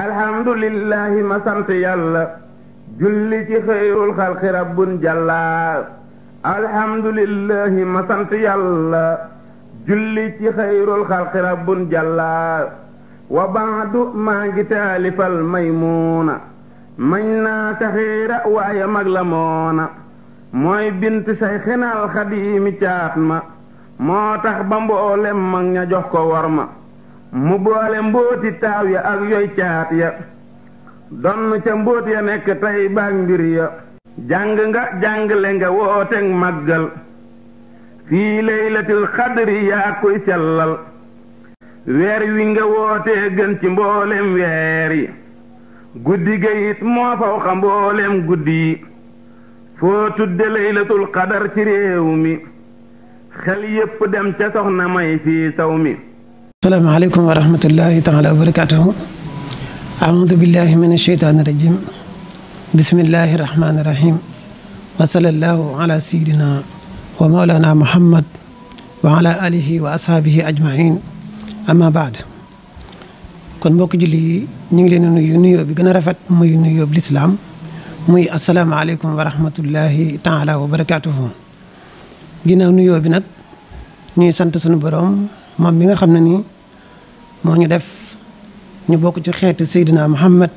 alhamdulillahi masant yàlla julli ci xëyrul xalqi rabbun jàlla alhamdulillahi ma yàlla julli ci xëyrul xalqi rabbun jàlla wa baadu maa ngi taalifal maymuuna mañ saxiira waaye mag la moona mooy bint sayxinal xadiimi caat ma moo tax ba mboolem mag ña jox ko war ma mu boole mbóoti taaw ya ak yoy caat ya donn ca mbóot ya nekk tey baag mbir ya jàng nga jàngle nga wooteek màggal fii laylatil xadri yaa koy sellal weer wi nga wootee gën ci mboolem weer yi guddi ga moo faw xa mboolem guddi yi foo tudde laylatul xadar ci réew mi xel yépp dem ca soxna may fii saw mi salaamaaleykum wa rahmatullahi taala wa barakaatuhu aoudu billahi min asheytaani rajim bismillahi rahmaani rahim wa salallahu ala sayidina wa maulana muhammad wa ala alihi wa ashaabihi ajmain amma baad kon mbokk julli yi ñu ngi leen di nuyu nuyoo bi gën a rafet muy nuyoo bi lislaam muy asalaamaaleykum wa rahmatullahi taala wa barakaatuhu ginnaaw nuyoo bi nag ñuy sant sunu borom moom mi nga xam ne nii moo ñu def ñu bokk ci xeetu Seydina Muhammad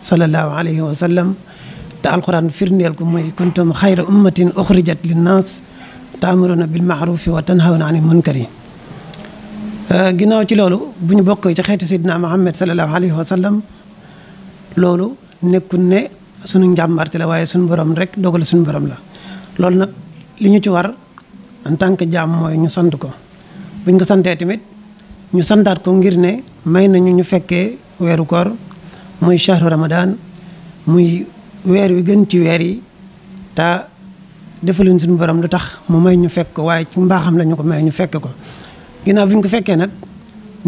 sallallahu alayhi wa sallam te alquran firndeel ko mooy kuntum xayra ummatin uxrijat linnaas taamuruna bil maarufi wa tanhawna anil munkari euh, ginnaaw ci loolu bu ñu bokkee ci xeetu Seydina Muhammad sallallahu alayhi wa sallam loolu nekkul ne sunu njàmbarte la waaye sunu borom rek dogal sunu borom la loolu nag li ñu ci war en tant que jaam mooy ñu sant ko buñ ko santee tamit. ñu santaat ko ngir ne may nañu ñu fekkee weeru koor muy shahru ramadan muy weer wi gën ci weer yi te defaluñ suñu borom lu tax mu may ñu fekk ko waaye ci mbaaxam la ko may ñu fekk ko ginnaaw bi ñu ko fekkee nag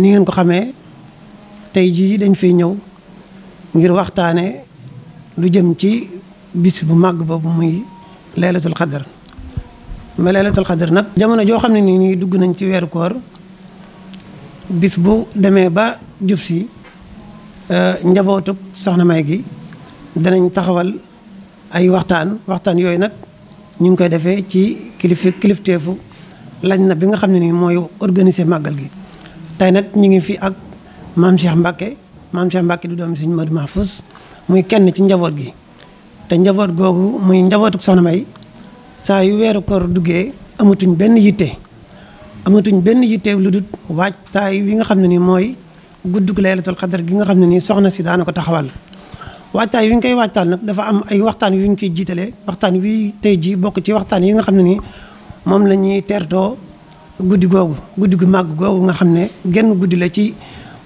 ni ngeen ko xamee tey jii dañ fiy ñëw ngir waxtaane du jëm ci bis bu màgg boobu muy laylatul xadar ma laylatul xadar nag jamono joo xam ne nii dugg nañ ci weeru koor bis bu demee ba jub si euh, njabootug soxna may gi danañ taxawal ay waxtaan waxtaan yooyu nag ñu ngi koy defee ci kilifa kilifteefu lañ na bi nga xam ne ni mooy organiser màggal gi tey nag ñu ngi fi ak maam Cheikh Mbacke maam Cheikh Mbacke di doom Serigne Modou Mahfous muy kenn ci njaboot gi te njaboot googu muy njabootuk soxna may saa yu weeru kor duggee amatuñ benn yitte amatuñ benn yitteew lu dul waajtaay wi nga xam ne ni mooy guddug laylatul xadar gi nga xam ne nii soxna si daana ko taxawal waajtaay wi ñu koy waajtaan nag dafa am ay waxtaan yu ñu koy jiitalee waxtaan wi tey jii bokk ci waxtaan yi nga xam ne ni moom lañuy ñuy teertoo guddi googu guddi gu màgg googu nga xam ne genn guddi la ci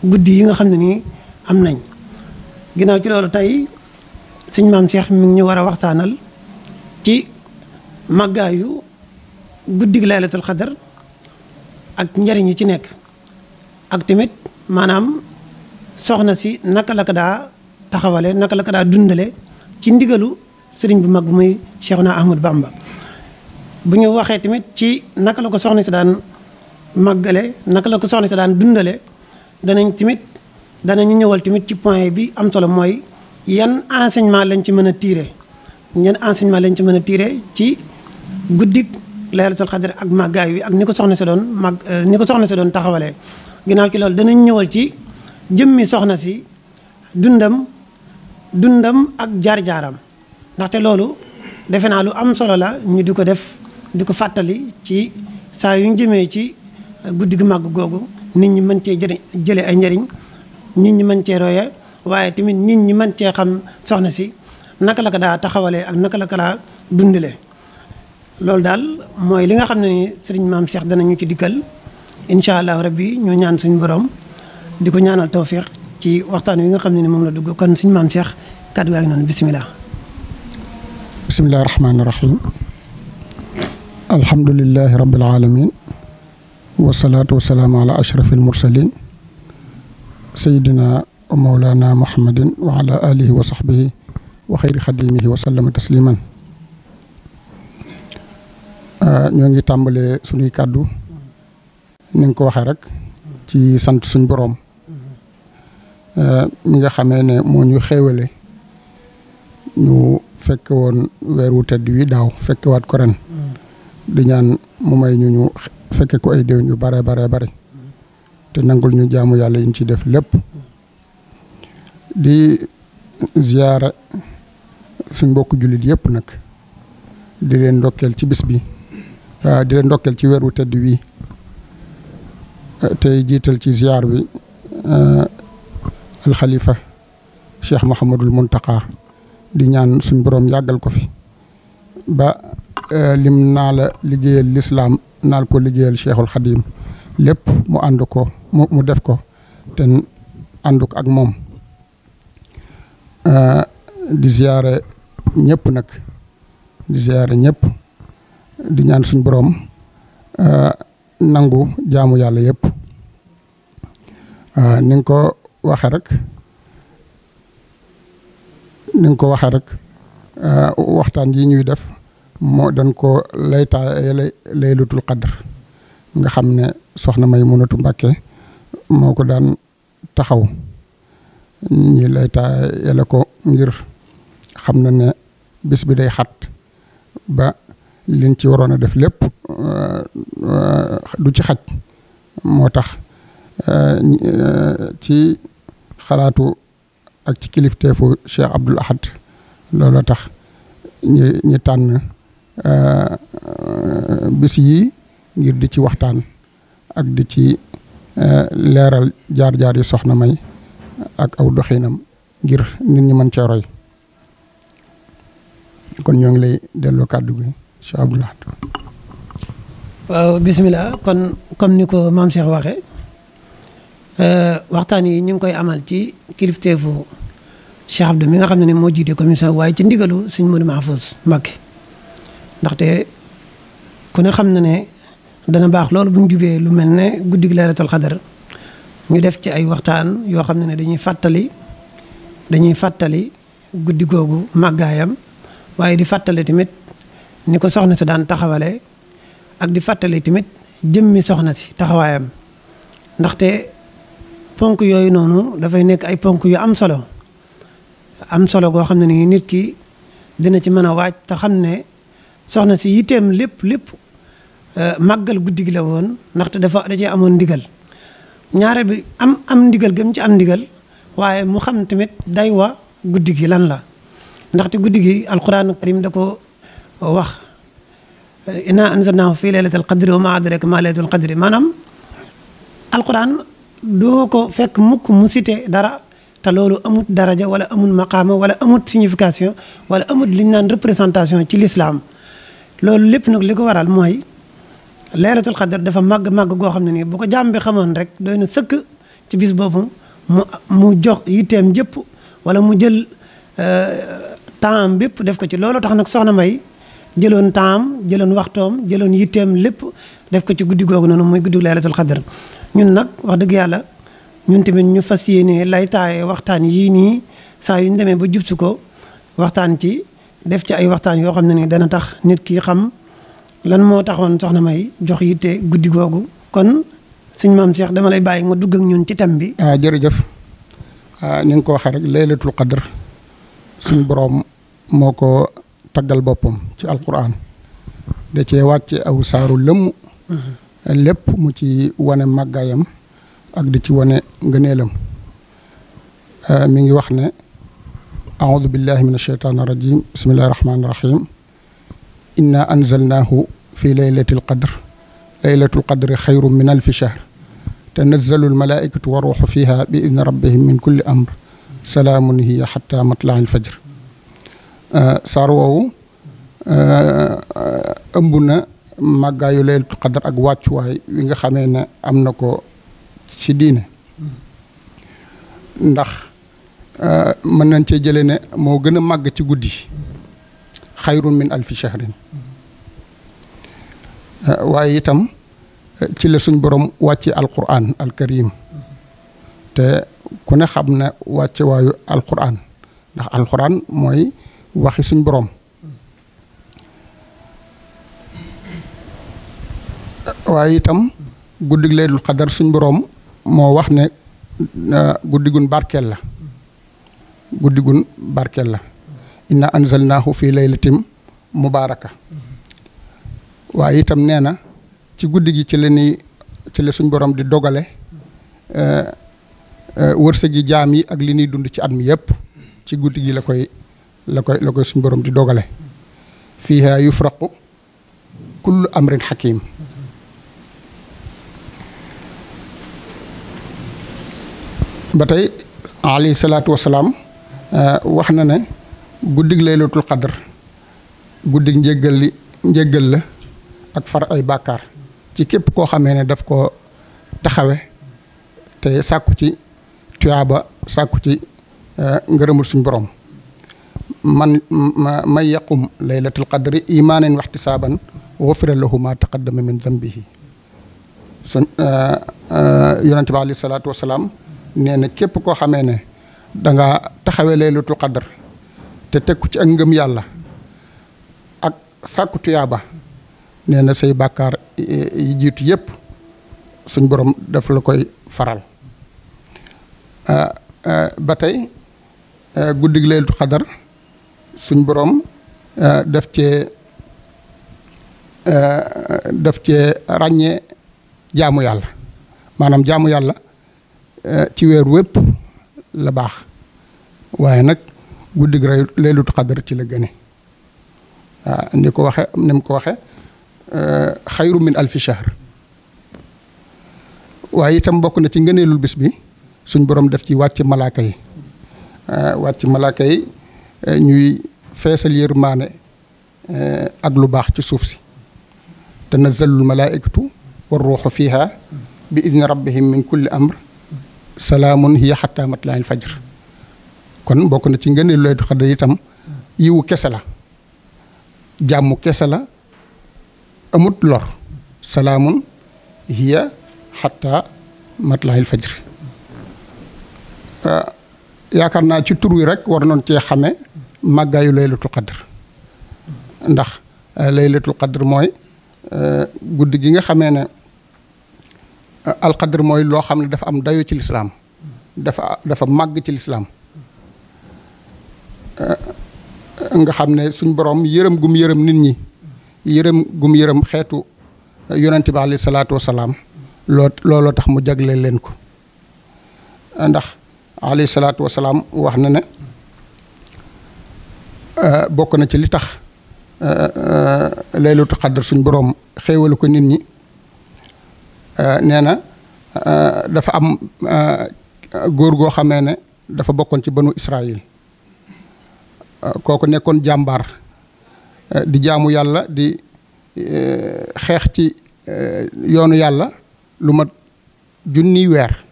guddi yi nga xam ne nii am nañ ginaaw ci loolu tey suñ maam Cheikh mi ngi ñu war a waxtaanal ci màggaayu guddig laylatul xadar ak njariñ yi ci nekk ak tamit maanaam soxna si naka la ko daa taxawale naka la ko daa dundale ci ndigalu sëriñ bu mag bu muy Cheikhuna Ahmad Bamba bu ñu waxee tamit ci naka la ko soxna si daan maggale naka la ko soxna si daan dundale danañ tamit danañu ñëwal tamit ci point bi am solo mooy yan enseignement lañ ci mën a tiire yan enseignement lañ ci mën a tiire ci guddik laylatul xadr ak màggaay wi ak ni ko soxna si doon màgg euh, ni ko soxna si doon taxawalee ginaaw ci loolu danañ ñëwal ci jëmmi soxna si dundam dundam ak jaar-jaaram ndaxte loolu defe naa lu am solo la ñu di ko def di ko fàttali ci saa yu ñu jëmee ci guddi gu màgg googu nit ñi mën cee jëriñ jële ay njëriñ nit ñi mën cee roye waaye tamit nit ñi mën cee xam soxna si naka la ko daa taxawalee ak naka la ko daa dundalee loolu daal mooy li nga xam ne nii mam maam Cheikh ñu ci dikkal incha allah rabbi ñu ñaan suñu borom di ko ñaanal tawfiq ci waxtaan wi nga xam ne ni moom la dugg kan suñu maam seex kàddu gaa ngi noonu bisimilah. bisimilah rahmaani rahim. alhamdulilahi rabbil alamin wasalaatu wasalaamu ala ashraf almursalin sayidina mawlana muhammadin wa ala alihi wa sahbihi wa xayri xadimihi wa sallama tasliman Euh, ñoo ngi tàmbalee suñuy kàddu ni nga ko waxee rek ci sant suñ boroom mi euh, nga xamee ne moo ñu xéewale ñu fekke woon weer tedd wi daaw fekkewaat ko ren di ñaan mu may ñu ñu fekke ko ay déwén yu bare bare bari te nangul ñu jaamu yàlla yiñ ci def lépp di ziyaara suñ mbokk jullit yépp nag di leen ndokkeel ci bis bi di leen ndokkeel ci weeru tedd wii tey jiital ci ziar bi euh, alxalifa cheikh Mouhamadul Mountakha di ñaan suñ borom yàggal ko fi ba euh, lim naa la liggéeyal lislaam naal ko liggéeyal cheikhul xadim lépp mu ànd ko mu def ko te ànd ak moom euh, di ziare ñëpp nag di ziare ñépp di ñaan suñ boroom euh, nangu jaamu yàlla yépp euh, ni ko waxe rek ni ko waxe rek euh, waxtaan yi ñuy def moo dañ ko laytaale laylatul qadr nga xam ne soxna may mënatu mbàkke moo ko daan taxaw ñi laytaale ko ngir xam na ne bis bi day xat ba liñ ci waroon a def lépp du ci xaj moo tax ci xalaatu ak ci kilifteefu Cheikh Abdoul Ahad loolu tax ñi ñi tànn bis yii ngir di ci waxtaan ak di ci leeral jaar-jaar yi soxna may ak aw doxinam ngir nit ñi mën cee kon ñoo ngi lay delloo kàddu gi Cheikh Abdou bisimilah kon comme ni ko maam Cheikh waxee euh, waxtaan yi ñu ngi koy amal ci kilifteefu Cheikh Abdou mi nga xam ne moo jiite commission waaye ci ndigalu suñ Modou Mahfouz Mbacké ndaxte ku xam na ne dana baax loolu bu ñu lu mel ne guddig laylatul xadar ñu def ci ay waxtaan yoo xam ne dañuy fàttali dañuy fàttali guddi googu màggaayam waaye di fàttali tamit ni ko soxna si daan taxawale ak di fàttali tamit jëmmi soxna si taxawaayam ndaxte ponk yooyu noonu dafay nekk ay ponk yu am solo am solo goo xam ne nii nit ki dina ci mën a waaj te xam ne soxna si yitteem lépp lépp euh, màggal guddi gi la woon ndaxte dafa da cee amoon ndigal ñaare bi am am ndigal gëm ci am ndigal waaye mu xam tamit day wa guddi gi lan la ndaxte guddi gi alxuraanu karim da wax inna anzalnaahu fii laylatil qadri wa maa adraaka maa laylatul qadri maanaam alquran doo ko fekk mukk mu cité dara te loolu amut daraja wala amut maqaama wala amut signification wala amut li ñu naan représentation ci l'islam loolu lépp nag li ko waral mooy laylatul qadr dafa màgg màgg goo xam ne nii bu ko jaam xamoon rek dooy na sëkk ci bis boobu mu mu jox yitteem jëpp wala mu jël euh, temps bépp def ko ci loolu tax nag soxna May jëloon temps jëloon waxtoom jëloon yitteem lépp def ko ci guddi googu noonu muy guddi laylatul xadar ñun nag wax dëgg yàlla ñun tamit ñu fas yéene lay taaye waxtaan yii nii saa yu ñu demee ba jub si ko waxtaan ci def ci ay waxtaan yoo xam ne ni dana tax nit ki xam lan moo taxoon soxna May jox yitte guddi googu kon suñ maam Cheikh dama lay bàyyi nga dugg ak ñun ci thème bi. ah jërëjëf ah ni nga ko waxee rek laylatul moo ko taggal boppam ci alquran da cee ci aw saaru lëmm lépp mu ci wane màggaayam ak di ci wone ngëneelam mi ngi wax ne aoudu billahi min asheytaan irajim bismillahi rahmaani rahim inna anzalnaahu fi leylati alqadr leylatu alqadri xayru min alfi shahr tanazzalu almalaikatu wa ruuxu fiha bi idni rabbihim min kulli amr salaamun hiya xata matlaa alfajr Euh, saar woowu euh, ëmb na màggaayu laylatul qadar ak wàccuwaay wi nga xamee ne am na ko ci diine ndax euh, mën nañ cee jële ne moo gën a màgg ci guddi xayrun min alfi shahrin waaye itam ci la suñ borom wàcce alquran alkarim te ku ne xam ne wàcce waayu alquran ndax alquran mooy waxi suñ boroom waaye itam guddig Laylatul Qadar suñ boroom moo wax ne guddi guddigun barkeel la guddi guddigun barkeel la inna anzalnaahu fi laylatim mubaaraka waaye itam nee na ci guddi gi ci la ni ci la suñ borom di dogale eh, eh, wërsëgi jaam yi ak li ñuy dund ci at mi yëpp ci guddi gi la koy la koy la koy suñ borom di dogale fiiha yufraqu kullu amrin xakim ba tey alayhi salaatu wasalaam uh, wax na ne guddig laylatul qadr guddig njéggal li njéggal la ak far ay bàkkaar ci képp koo xamee ne daf ko taxawe te sàkku ci tuyaaba sàkku ci uh, ngërëmul suñ boroom man may yaqum laylatul qadri imaanan waxti ihtisaaban wufira lahu ma taqaddama min zambihi su euh, euh, yonente bi alayhi salaatu wasalaam nee na képp koo xamee ne danga taxawe taxawee laylatul qadr te tekku ci ak ngëm yàlla ak sàkku tuyaaba nee na say bàkkaar eh, yi jiitu yépp suñ borom daf la koy faral euh, ba tey guddig laylatul qadr suñ borom euh, def cee euh, def cee ràññee jaamu yàlla maanaam jaamu yàlla euh, ci weer wépp la baax waaye nag guddi gi leelut xadar ci la gëne waaw ni ko waxe ni mu ko waxe xayru min alfi shahr waaye itam mbokk na ci ngëneelul bis bi suñ borom def ci wàcc malaaka yi wàcc malaaka yi Eh, ñuy feesal yërmaane eh, ak lu baax ci suuf si tanazzalul malaaikatu war ruuxu fiiha bi idni rabbihim min kulli amr salaamun hiya xataa matlail fajr kon bokk na ci ngeen Laylatul Qadr itam yiwu kese la jàmm kese la amut lor salaamun hiya xataa matlail fajr eh, yaakaar naa ci tur wi rekk war noon cee xame màggaayu laylatul qadr ndax euh, laylatul qadr mooy euh, guddi gi nga xamee ne euh, alqadr mooy loo xam ne dafa am dayo ci lislaam dafa dafa màgg ci lislaam nga xam ne suñ boroom yërëm gum yërëm nit ñi yërëm gum yërëm xeetu yonente bi alayhi salaatu wasalaam looloo tax mu jagle leen ko ndax alayhi salaatu wasalaam wax na ne Euh, bokk na ci li tax euh, euh, laylatu xadr suñ boroom xéewalu ko nit ñi nee na dafa am góor goo xamee ne dafa bokkoon ci banu Israël kooku nekkoon jàmbaar di jaamu yàlla di xeex ci yoonu yàlla lu mat junniy weer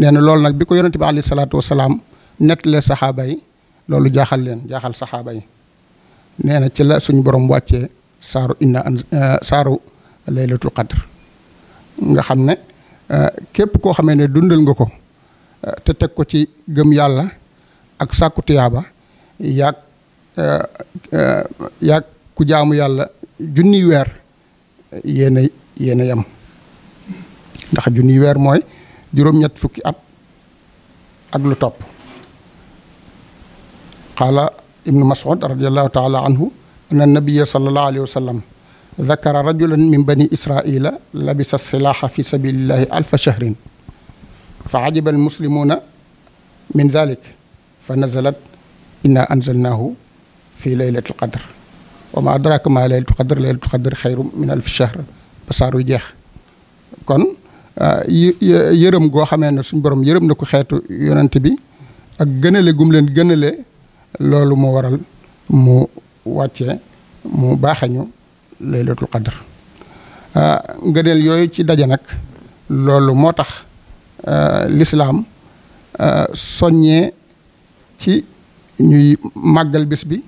nee na loolu nag bi ko yonente bi alayhi salaatu wasalaam nettalee saxaaba yi loolu jaaxal leen jaaxal saxaaba yi nee na ci la suñ borom wàccee saaru inna an eh, saaru laylatul qadr nga xam ne eh, képp koo xamee ne dundal nga ko eh, te teg ko ci gëm yàlla ak sàkku tiyaaba yaag ku jaamu yàlla junniy weer yéen a yéen a yem ndax junniy weer mooy juróom-ñett fukki at ak lu topp qaala ibnu mas'ud radiallahu taala anhu anna nabiya salallahu alayhi wa sallam dakara rajulan min bani israila labisa silaaha fi sabilillahi alfa shahrin fa ajiba almuslimuuna min dalik fa nazalat inna anzalnaahu fi leylati alqadr wa ma adraka ma leylatu qadr leylatu qadr xayru min alfi shahr ba saar wi jeex kon yërëm goo xamee ne suñ borom yërëm na ko xeetu yonent bi ak gënale gum leen gënale loolu moo waral mu wàcce mu baaxeñu baaxañu laylatul qadr ah, ngëneel yooyu ci daje nag loolu moo tax ah, lislaam ah, soññee ci ñuy màggal bis bi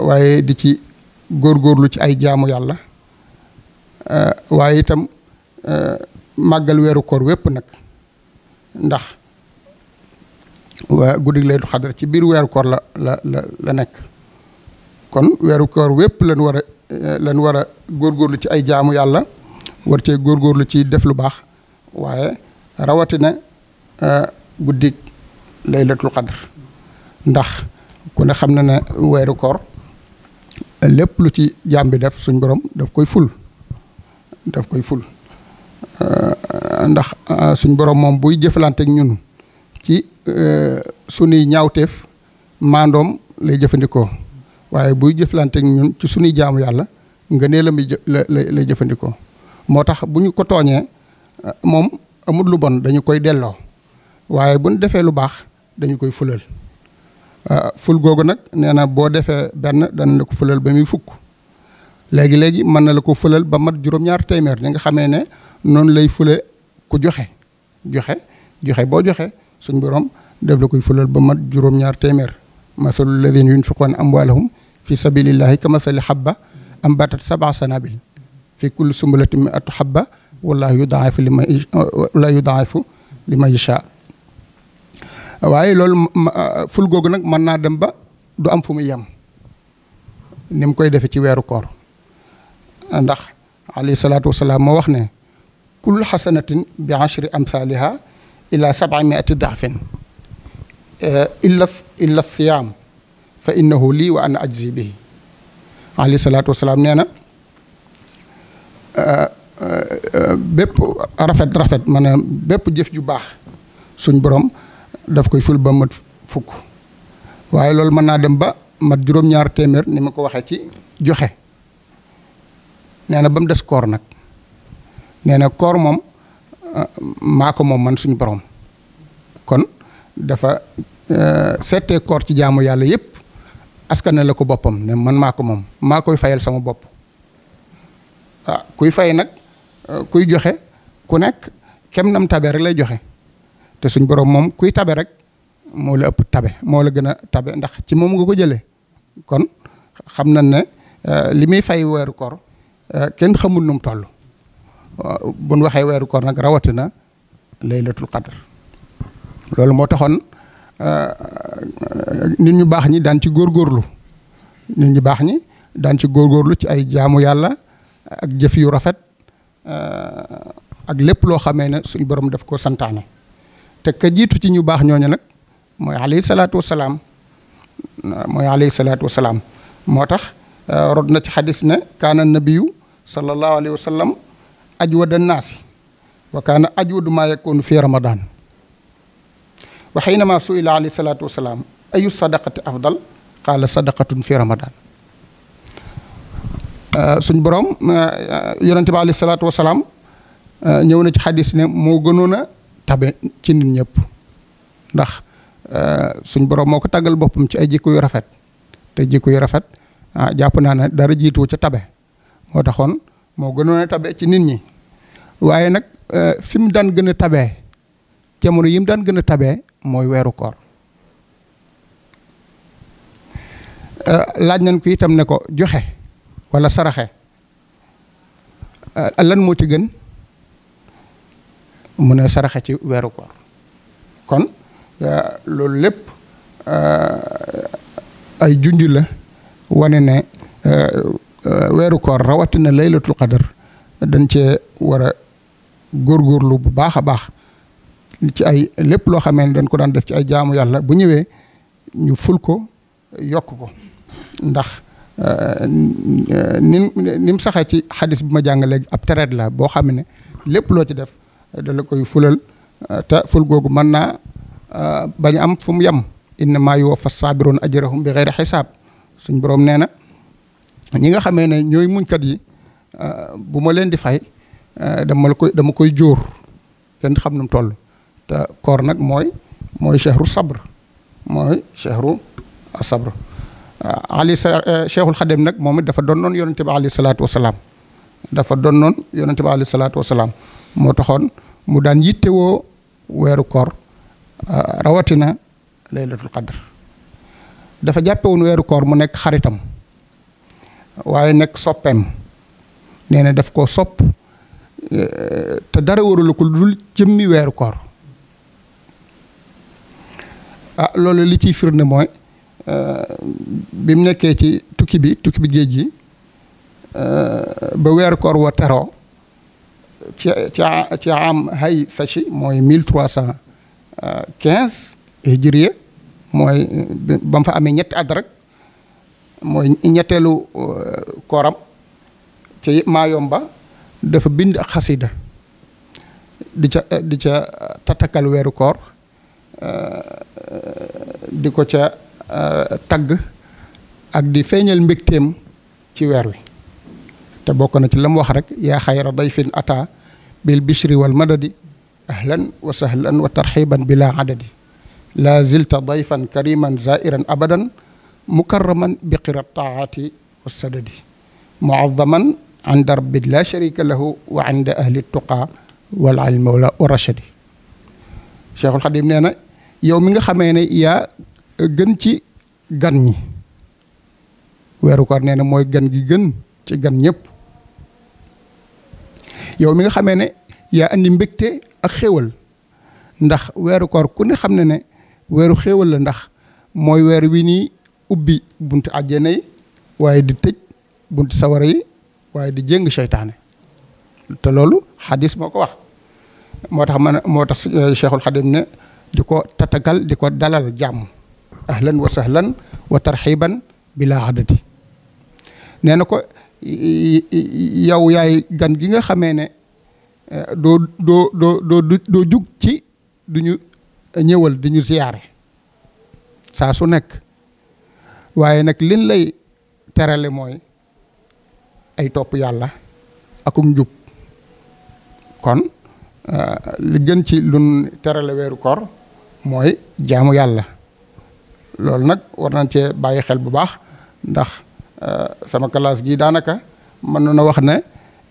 waaye di ci góor góorlu ci ay jaamu yàlla waaye itam màggal weeru koor wépp nag ndax waa guddig laytu xadar ci biir weeru koor la la la nekk kon weeru koor wépp lan war a eh, lan war a góorgóorlu ci ay jaamu yàlla war cee góor góorgóorlu ci def lu baax waaye rawatina eh, guddig laylatul xadar ndax ku ne xam na ne weeru koor lépp lu ci jaam bi def suñ borom daf koy ful daf koy ful eh, ndax suñ borom moom buy jëflante ak ñun ci euh, sunuy ñaawteef maandoom lay jëfandikoo waaye buy jëflante ñun ci sunuy jaamu yàlla nga nee la muy lay jëfandikoo moo tax bu ñu ko tooñee euh, moom amul lu bon dañu koy delloo waaye bu ñu defee lu baax dañu koy fulal euh, ful googu nag nee na boo defee benn dana la ko fulal ba muy fukk léegi léegi mën na la ko fulal ba mat juróom-ñaar téeméer ni nga xamee ne noonu lay fule ku joxe joxe joxe boo joxe suñ borom def la koy fulal ba mat juróom-ñaar téeméer masalu ladina yunfiqoona amwaalahum fi sabilillahi ka masali habba ambatat sabaa sanabil fi kulli sumbulatin mi'atu habba wallahu yudaa'ifu li may wallahu yudaa'ifu li waaye loolu ful googu nag mën naa dem ba du am fu muy yem nim koy defe ci weeru koor ndax alayhi salaatu wasalaam moo wax ne kullu xasanatin bi ashri ila sabamiati daafin eh, illa illa siyaam fa innahu lii wa ana ajzi bihi alayhi salaatu wasalaam nee na eh, eh, bépp rafet rafet maanaam bépp jëf ju baax suñ borom daf koy ful ba mat fukk waaye loolu mën naa dem ba mat juróom-ñaar téeméer ni ma ko waxee ci joxe nee na ba mu des koor nag nee koor moom maa ko moom man suñu borom kon dafa euh, seetee koor ci jaamu yàlla yëpp askane la ko boppam ne man maa ko moom maa koy fayal sama bopp waaw ah, kuy fay nag euh, kuy joxe ku nekk kem nam tabe rek lay joxe te suñ borom moom kuy tabe rek moo la ëpp tabe moo la gën a tabe ndax ci moom nga ko jële kon xam na ne euh, li muy fay weeru koor kenn xamul nu mu toll buñ waxee weeru kon nag rawatina laylatul qadr loolu moo taxoon euh, euh, nit ñu baax ñi daan ci góor góorlu ñu baax ñi daan ci góorgóorlu ci ay jaamu yàlla ak jëf yu rafet euh, ak lépp loo xamee ne suñ borom def ko santaane te ka jiitu ci ñu baax ñooñu nag mooy alayhi salaatu wasalaam mooy alayhi salaatu wasalaam moo tax rod na ci xadis ne kaana nabiyu sallallahu alayhi wa ajwada naasi wa kaana ajwadu maa yakuunu fi ramadaan wa xiinama suila alayhi salaatu salaam ayu sadaqati afdal qaala sadaqatun fi ramadaan euh, suñ borom euh, yonente bi alayhi salaatu wasalaam euh, ñëw na ci xadis ne moo gënoon a tabe ci nit ñëpp ndax suñ borom moo ko tàggal boppam ci ay jikko yu rafet te jikko yu rafet ah, jàpp naa ne dara jiitu ca tabe moo taxoon moo gënoon a tabe ci nit ñi waaye nag euh, fi mu daan gën a tabee jamono yim daan gën a tabee mooy weeru koor euh, laaj nañ ko itam ne ko joxe walla saraxe euh, lan moo ci gën mu ne saraxe ci weeru koor kon loolu lépp ay junj la wane ne weeru koor rawatina laylatul qadar dañ cee war a góorgóorlu bu baax a baax ci ay lépp loo xamee ne dañ ko daan def ci ay jaamu yàlla bu ñëwee ñu ful ko yokk ko ndax euh, ni ni mu saxee ci xadis bi ma jàng léegi ab traite la boo xam ne lépp loo ci def dala koy fulal te ful googu mën naa euh, bañ am fu mu yem innamaa fas saabiruuna ajrahum bi xeyri xisaab suñ boroom nee na ñi nga xamee ne ñooy muñkat yi euh, bu ma leen di fay euh, dama la koy dama koy jóor kenn xam num toll te koor nag mooy mooy chehru sabr mooy chehru sabr euh, ali sa cheikhul nag moom it dafa doon noon yonente bi alayhi salaatu wasalaam dafa doon noon yonente bi alayhi salaatu wasalaam moo taxoon mu daan yittewoo weeru koor rawatina laylatul qadr dafa jàppewoon weeru koor mu nekk xaritam waaye nekk soppeem nee def daf koo sopp eh, te dara warul ko dul jëmmi weeru koor ah loolu li ciy firnde mooy eh, bi mu nekkee ci tukki bi tukki bi géej gi eh, ba weeru koor wa teroo ci ci ci am hay sachi mooy mil trois cent quinze hijriye mooy ba mu fa amee ñetti at rek mooy ñetteelu euh, kooram ci Maayomba dafa bind ak di ca di ca tatakal weeru koor euh, di ko ca euh, tagg ak di feeñal mbégteem ci weer wi te bokk na ci la mu wax rek yaa xayra dayfin ata bil bishri wal madadi ahlan wa sahlan wa tarxiban bila adadi la zilta dayfan kariman zairan abadan mukarraman bi qirat taati wa sadadi muazzaman inda rabbi la sharika lahu wa inda ahli tuqa wal ilmi wala rachadi cheikhul xadim nee na yow mi nga xamee ne yaa gën ci gan ñi weeru koor nee mooy gan gi gën ci gan ñépp yow mi nga xamee ne yaa andi mbégte ak xéewal ndax weeru koor ku ne xam ne ne weeru xéewal la ndax mooy weer wi nii ubbi bunti àjjana yi waaye di tëj bunt sawara yi waaye di jéng seytaane te loolu xadis moo ko wax moo tax man moo tax eh, cheikhul xadim ne di ko tatagal di ko dalal jàmm ahlan wa sahlan wa tarxiban bila adati nee na ko yow yaay gan gi nga xamee ne eh, doo doo doo doo doo jug ci duñu ñëwal di ñu ziyaare saa su nekk waaye nag lin lay terale mooy ay topp yàlla akum njub kon euh, li gën ci lun terale weeru koor mooy jaamu yàlla loolu nag war nañ cee bàyyi xel bu baax ndax euh, sama kalaas gii daanaka mën na na wax ne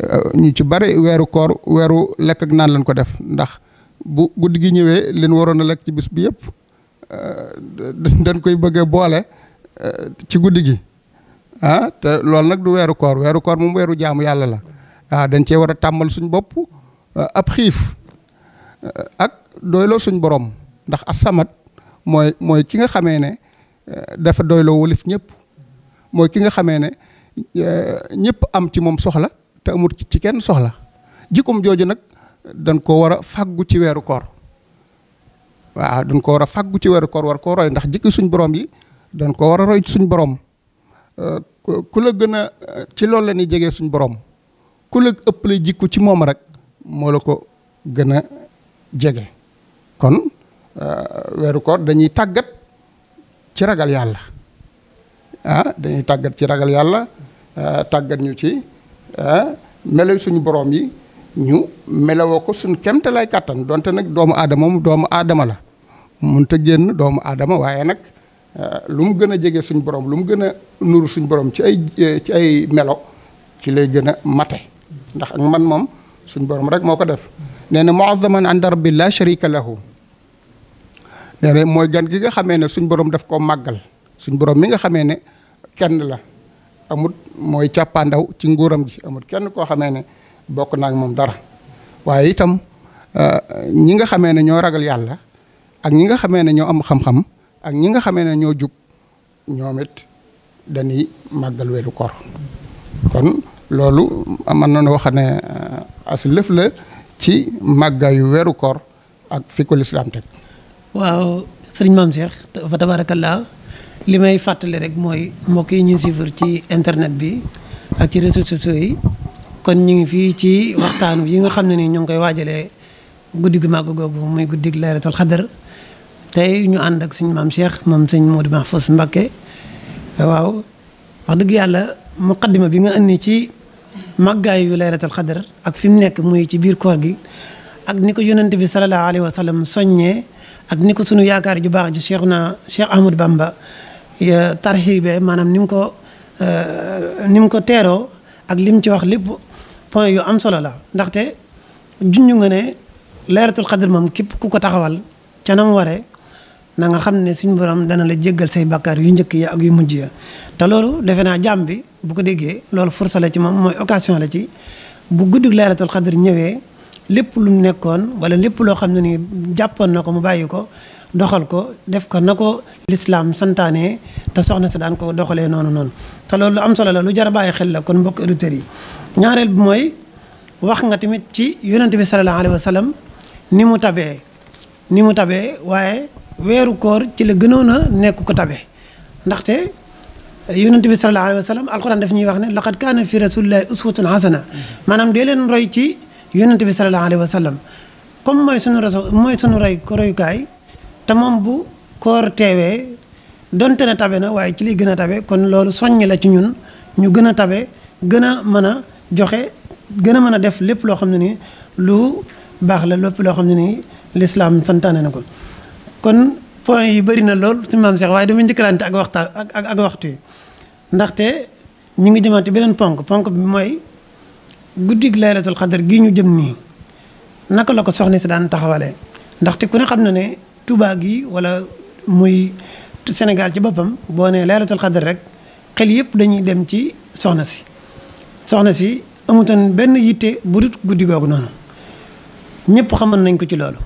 euh, ñu ci bari weeru koor weeru lekk ak naan lañ ko def ndax bu guddi gi ñëwee leen waroon a lekk ci bis bi yëpp dañ koy bëgg a boole Eh, ci guddi gi ah te loolu nag du weeru koor weeru koor moom weeru jaamu yàlla la waaw ah, dañ cee war a tàmmal suñ bopp eh, ab xiif eh, ak doyloo suñ boroom ndax a asamat mooy mooy ki nga xamee ne dafa doyloo wolif ñëpp mooy ki nga xamee ne ñëpp am ci moom soxla te amul ci kenn soxla jikkoom jooju nag dañ ko war a faggu ci weeru koor waaw dañ ko war a fàggu ci weeru koor war koo roy ndax jikki suñ borom yi dañ ko war a roy suñ borom ku la gën a ci loolu la ñuy jegee suñ borom ku la ëpp lay jikku ci moom rek moo la ko gën a jege kon euh, weeru koor dañuy tàggat ci ragal yàlla ah dañuy tàggat ci ragal yàlla euh, tàggat ñu ci euh, melew suñu borom yi ñu melewoo ko suñ kemte lay kàttan donte nag doomu aadama mu doomu aadama la mun ta génn doomu aadama waaye nag Euh, lu mu gën a jege suñ borom lu mu gën a nuru suñ borom ci ay ci ay melo ci lay gën a mate ndax ak man moom suñ borom rek moo ko def nee na muazzaman inda rabbi la sharika lahu nee na mooy gan gi nga xamee ne suñ borom daf koo màggal suñ borom mi nga xamee ne kenn la amut mooy càppaandaw ci nguuram gi amut kenn koo xamee ne bokk naa ak moom dara waaye itam euh, ñi nga xamee ne ñoo ragal yàlla ak ñi nga xamee ne ñoo am xam-xam ak ñi nga xamee ne ñoo jug ñoom it dañuy màggal weeru koor kon loolu mën nañu wax ne euh, as lëf la ci màggaayu weeru kor ak fi ko lislaam teg waaw sëriñ maam te fa tabaarakallaa li may fàttali rek mooy mbokk yi ñu suivre ci internet bi ak ci réseaux sociaux yi kon ñu ngi fii ci waxtaan yi nga xam ne ni ñoo ngi koy waajalee guddi gu màgg googu muy guddi Laylatul Qadr tey ñu ànd ak suñu maam Cheikh moom sëñ Modou Mahfous Mbacké waaw wax dëgg yàlla muqaddima bi nga indi ci màggaayu laylatul qadr ak fi mu nekk muy ci biir koor gi ak ni ko yonent bi sallallahu alayhi wa sallam soññee ak ni ko sunu yaakaar ju baax ji Cheikhuna Cheikh Ahmadou Bamba eh, tarxibe maanaam ni mu ko eh, ni mu ko teeroo ak lim ci wax lépp point yu am solo la ndaxte junj nga ne laylatul qadr moom képp ku ko taxawal ca nam na nga xam ne suñu borom dana la jéggal say bakkaar yu njëkk ya ak yu mujj ya te loolu defe naa jàmm bi bu ko déggee loolu force la ci moom mooy occasion la ci bu guddi laylatul xadr ñëwee lépp lu mu nekkoon wala lépp loo xam ne nii jàppoon na ko mu bàyyi ko doxal ko def ko na ko lislaam santaane te soxna si daan ko doxalee noonu noonu te loolu lu am solo la lu jar a bàyyi xel la kon mbokk auditeurs yi ñaareel bi mooy wax nga tamit ci yonent bi sallallahu alayhi wa ni mu tabee ni mu tabee waaye weeru koor ci la gënoon a nekk ko tabe ndaxte yonent bi sallallahu alayhi wa sallam alquran daf ñuy wax ne laqad kaana fi rasulillahi uswatun hasana maanaam dee leen roy ci yonent bi sallallahu alayhi comme mooy sunu rasul mooy sunu roy royukaay te moom bu koor teewee donte na tabe na waaye ci liy gën a tabe kon loolu soññ la ci ñun ñu gën a tabe gën a mën a joxe gën a mën a def lépp loo xam ne ni lu baax la lépp loo xam ne ni lislaam santaane na ko kon point yi bëri na lool suñu maam Cheikh waaye dama njëkkalante ak waxtaan ak ak waxtu yi ndaxte ñu ngi jëmaat beneen ponk ponk bi mooy guddig laylatul xadar gi ñu jëm nii naka la ko soxna si daan taxawale ndaxte ku ne xam na ne Touba gi wala muy Sénégal ci boppam boo nee laylatul xadar rek xel yëpp dañuy dem ci soxna si soxna si amutoon benn yitte bu dut guddi googu noonu ñëpp xamoon nañ ko ci loolu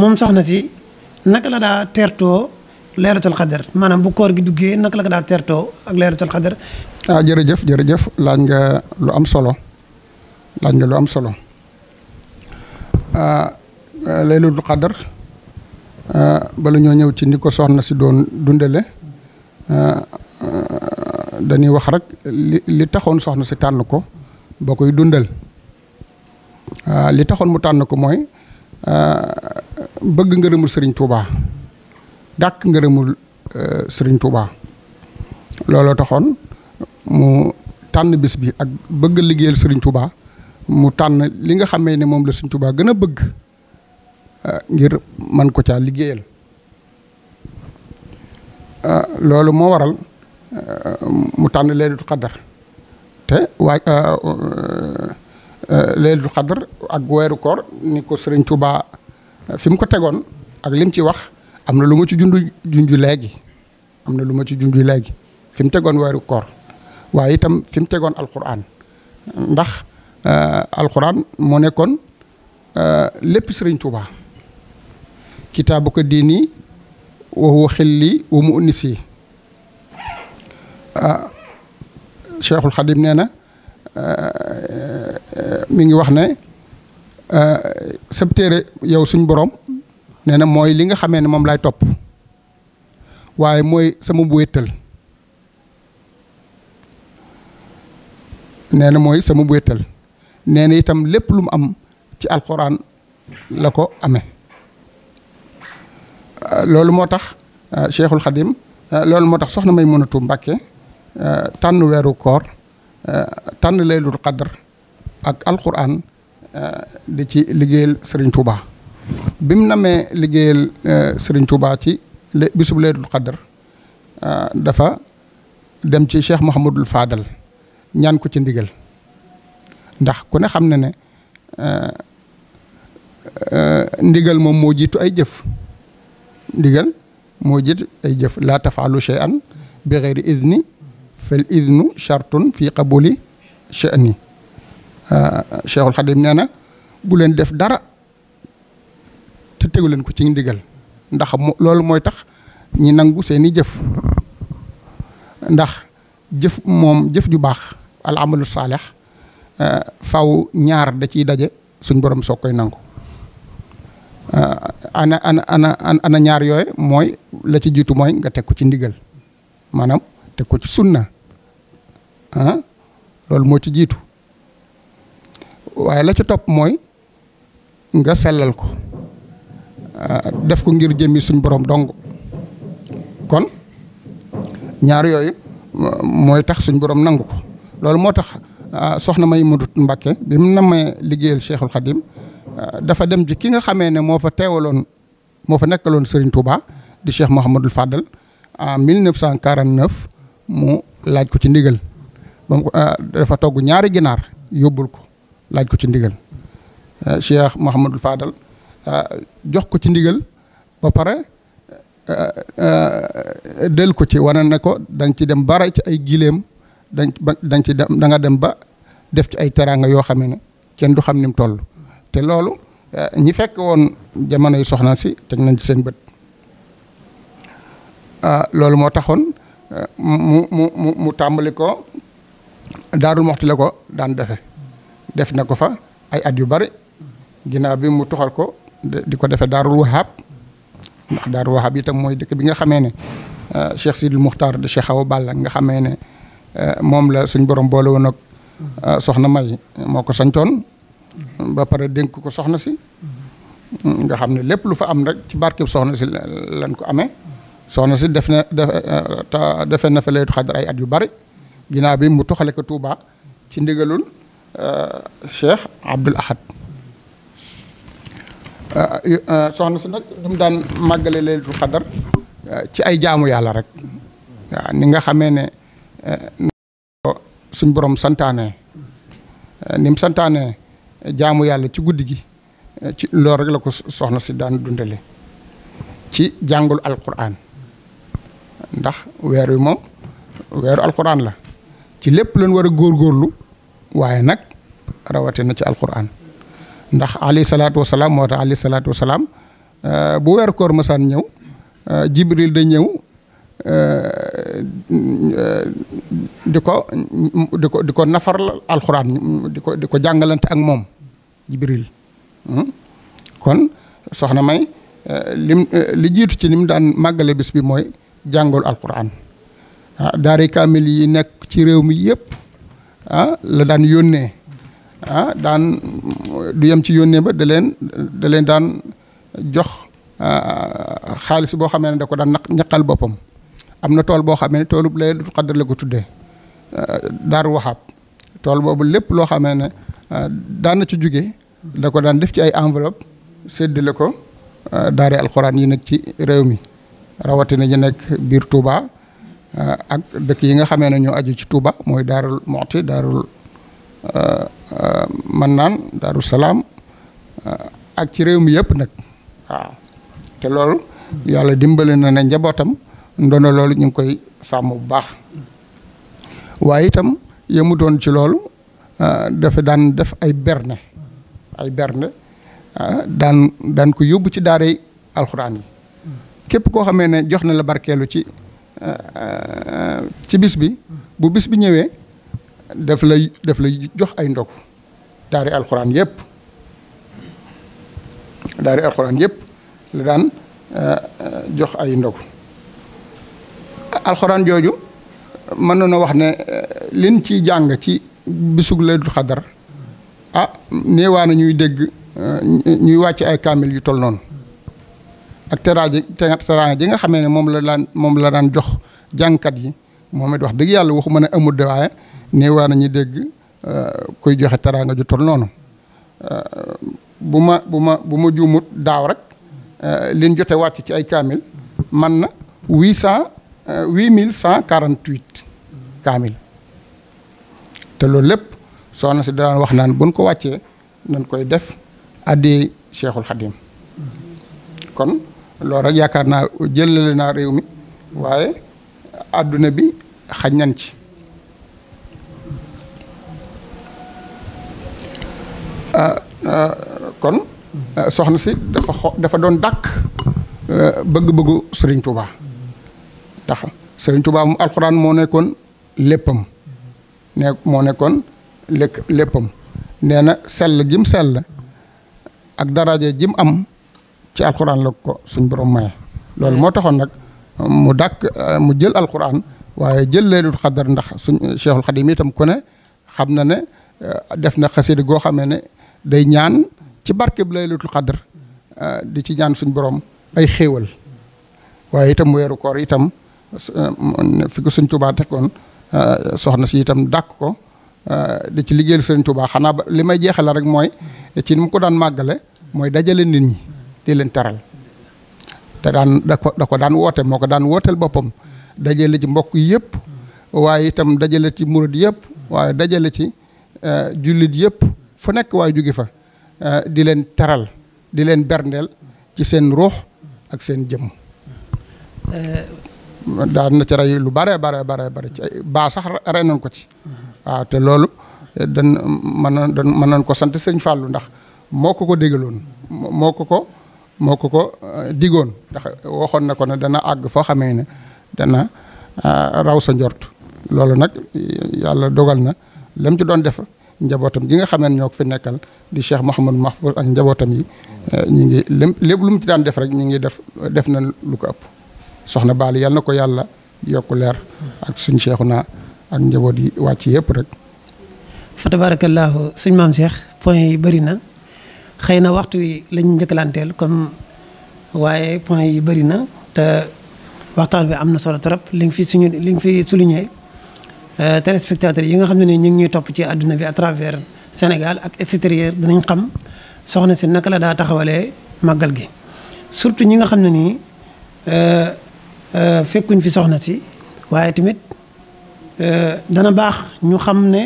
moom soxna si. naka la daa teertoo leeratul xadar maanaam bu koor gi duggee naka la ko daa teertoo ak leeratul xadar. ah jërëjëf jërëjëf laaj lu am solo laaj nga lu am solo ah, leeratul xadar ah, bala ñoo ñëw ci ni ko soxna si doon dundale ah, dañuy wax rek li li taxoon soxna si tànn ko ba koy dundal li taxoon mu tànn ko mooy. Euh, bëgg ngërëmul sëriñ Touba dàkk ngërëmul euh, sëriñ Touba looloo taxoon mu tànn bis bi ak bëgg liggéeyal sëriñ Touba mu tànn li nga xamee ne moom la sëriñ Touba gën a bëgg euh, ngir man ko caa liggéeyal loolu moo waral mu tànn leedu xaddar te waa Euh, leelu xadar ak weeru koor ni ko sëriñ Touba euh, fi mu ko tegoon ak lim ci wax am na lu ma ci junj junj léegi am na lu ma ci junj léegi fi mu tegoon weeru koor waaye itam fi mu tegoon alquran ndax euh, alxuraan moo nekkoon lépp sëriñ Touba kitaabu ko diini wa huwa xilli wa mu unnisi Cheikhul Xadim nee na mi ngi wax ne euh, sab téere yow suñ borom nee na mooy li nga xamee ne moom laay topp waaye mooy sama wéttal nee na mooy sama wéttal nee itam lépp lu mu am ci alxuraan la ko ame euh, loolu moo tax euh, Cheikhul Khadim loolu moo tax soxna Maymunatu Mbàkke tànn weeru koor tànn laylul qadr ak alquran eh, di ci liggéeyal Serigne Touba. bi mu namee liggéeyal eh, Serigne Touba ci bisub Laylatul Qadr eh, dafa dem ci Cheikh Mouhamadul faadal ñaan ko ci ndigal ndax ku ne xam na ne ndigal moom moo jiitu ay jëf ndigal moo jiitu ay jëf laa tafaalu shay'an bi ghayri idni fal idnu shartun fi qabuli sha'ni Euh, Cheikhul Xadim nee na bu leen def dara te tegu leen ko ci ndigal ndax loolu mooy tax ñi nangu seeni jëf ndax jëf moom jëf ju baax al amalu saalix euh, faw ñaar da ciy daje suñ borom soog koy nangu euh, ana ana ana ana ñaar yooyu mooy la ci jiitu mooy nga teg ko ci ndigal maanaam teg ko ci sunna ah loolu moo ci jiitu waaye la ca topp mooy nga sellal ko ah, def ko ngir jëmmi suñ borom dong kon ñaari yooyu mooy tax suñ borom nangu ko loolu moo tax ah, soxna may mudut Mbàkke bi mu ma liggéeyal Cheikhul Khadim ah, dafa dem ci ki nga xamee ne moo fa teewaloon moo fa nekkaloon Serigne Touba di Cheikh Mouhamadul Fadal en 1949 mu laaj ko ci ndigal ba dafa togg ñaari ginaar yóbbul ko laaj ko ci ndigal euh, Cheikh Mouhamadul Fadal euh, jox ko ci ndigal ba pare euh, del ko ci wane na ko da nga dem bare ci ay gileem dañ dañ ci dem da dem ba def ci ay teraanga yoo xam ne kenn du xam ni mu toll te loolu ñi fekke woon jamono yu soxna si teg nañ ci seen bët loolu moo taxoon mu mu mu tàmbali ko daarul moxti la ko daan defe def na ko fa ay at yu bari ginnaaw bi mu toxal ko di ko defee daar wahab ndax daarul wahab itam mooy dëkk bi nga xamee ne euh, Cheikh Sidil Muxtaar de Cheikh Awa Balla nga xamee ne euh, moom la suñ borom boole woon ak euh, soxna May moo ko santoon ba pare dénk ko soxna si nga xam ne lépp lu fa am rek ci barkeb soxna si lan ko amee soxna si def na defe na fa laytu xadar ay at yu bari ginnaaw bi mu toxale ko Touba ci ndigalul Euh, Cheikh Abdoul Ahad euh, euh, soxna si nag dam daan màggale leelatul xadar ci ay jaamu yàlla rek ni nga xamee ne suñ boroom santaane ni mu santaane jaamu yàlla ci guddi gi ci lool rek la ko soxna si daan dundale ci jàngul alquran ndax weer wi moom weeru alquran la ci lépp lañ war a góorgóorlu waaye nag rawatina ci alquran ndax ali salaatu wa salaam moo tax ali salaatu wa salaam euh, bu weer koor masaan ñëw euh, jibril da ñëw euh, di ko di ko di ko nafar alxuraan di ko di ko jàngalante ak moom jibril hmm? kon soxna may lim li jiitu ci lim daan màggale bis bi mooy jàngool alquran ah, daari kaamil yi nekk ci réew mi yépp ah la daan yónnee ah daan du yem ci yónnee ba da leen da leen daan jox ah, xaalis boo xamee ne da ko daan ñaqal boppam am na tool boo xamee ne toolub Laylatul du la ko tudde ah, daaru waxaab tool boobu lépp loo xamee ne ah, daan na ci jóge da ko daan def ci ay enveloppe séddale ko daare alxuraan yi nekk ci réew mi rawatina ñu nekk biir Touba Euh, ak dëkk yi nga xamee ne ñoo aju ci Touba mooy daarul Moxti daarul euh, euh, Mannaan daarul Salaam ak ci réew mi yëpp nag te loolu yàlla dimbale na ne njabootam ndono loolu ñu ngi koy sàmm bu baax waaye itam yemutoon ci loolu dafa daan def ay berne ay berne daan daan ko yóbbu ci daaray alxuraan yi képp koo xamee ne jox na la barkeelu ci ci bis bi bu bis bi ñëwee daf lay daf lay jox ay ndog daari alxuraan yëpp daari alxuraan yëpp la daan eh, eh, jox ay ndog alxuraan jooju mën na wax ne eh, lin ci jàng ci bisug Laylatul Qadr ah néewaa na ñuy dégg ñuy wàcc ay kaamil yu toll noonu ak te ji teraanga ji nga xamee ne moom la daan moom la daan jox jàngkat yi moom it wax dëgg yàlla waxuma ne amul de waaye ne waa nañu dégg euh, kuy joxe teraanga ju tol noonu euh, bu ma bu ma bu ma juumut daaw rek euh, liñ jote wàcc ci ay kaamil man na huit cent huit mille cent quarante kaamil te loolu lépp soxna si daan wax naan bun ko wàccee nañ koy def addee Cheikhul Khadim kon loolu rek yaakaar naa jëlale naa réew mi waaye àdduna bi xaj nañ ci ah, ah, kon ah, soxna si dafa doon dàkk bëgg-bëggu sëriñ Touba ndax sëriñ Touba mu alxuraan moo nekkoon léppam ne moo nekkoon lekk léppam nee na sell gim sell ak daraaje jim am ci alxuraan la ko suñ borom maye loolu moo taxoon nag mu dàkk mu jël alxuraan waaye jël leelul xadar ndax suñ cheikhul xadim itam ku ne xam na ne euh, def na xasida goo xamee ne day ñaan ci barkeb laylatul xadar euh, di ci ñaan suñ borom ay xéewal waaye itam weeru koor itam euh, fi ko suñ tubaa tekkoon soxna si itam dàkk ko di ci liggéeyal suñ tubaa xanaa ba li may jeexale rek mooy ci nu mu ko daan màggale mooy dajale nit ñi di leen teral te daan da ko da ko daan woote moo ko daan wooteel boppam dajale ci mbokk yépp waaye itam dajale ci murid yëpp waaye dajale ci eh, jullit yépp fu nekk waaye jóge fa eh, di leen teral di leen berndeel ci seen ruux ak seen jëm eh, daan na ci rey lu bare bare bare bare ci baa sax rey nañ ko ci waaw ah, te loolu dan mën nan dan mën nañ ko sant sëñ Fallou ndax moo ko ko dégaloon moo ko ko moo ko ko euh, digoon ndax waxoon na ko ne dana àgg foo xamee ne dana euh, raw sa njort loolu nag yàlla dogal na lam ci doon def njabootam gi nga xamee ne ñoo fi nekkal di Cheikh Mouhamadou Mahfouz ak njabootam yi euh, ñi ngi lépp lu mu ci daan def rek ñu ngi def def na lu ko ëpp soxna baal yàlla na ko yàlla yokku leer ak suñ Cheikhu naa ak njaboot yi wàcc yëpp rek fa tabaarakallaahu suñ maam Cheikh point yi bëri na xëy na waxtu wi lañ njëkkalanteel comme waaye point yi bëri na te waxtaan bi am na solo trop li nga fi suñu li nga fi souligné euh, téléspectateurs yi nga xam ne nii ñu ngi ñuy topp ci àdduna bi à Sénégal ak extérieur danañ xam soxna si naka la daa taxawalee màggal gi surtout ñi nga xam ne nii euh, euh, fekkuñ fi soxna si waaye tamit dana baax ñu xam ne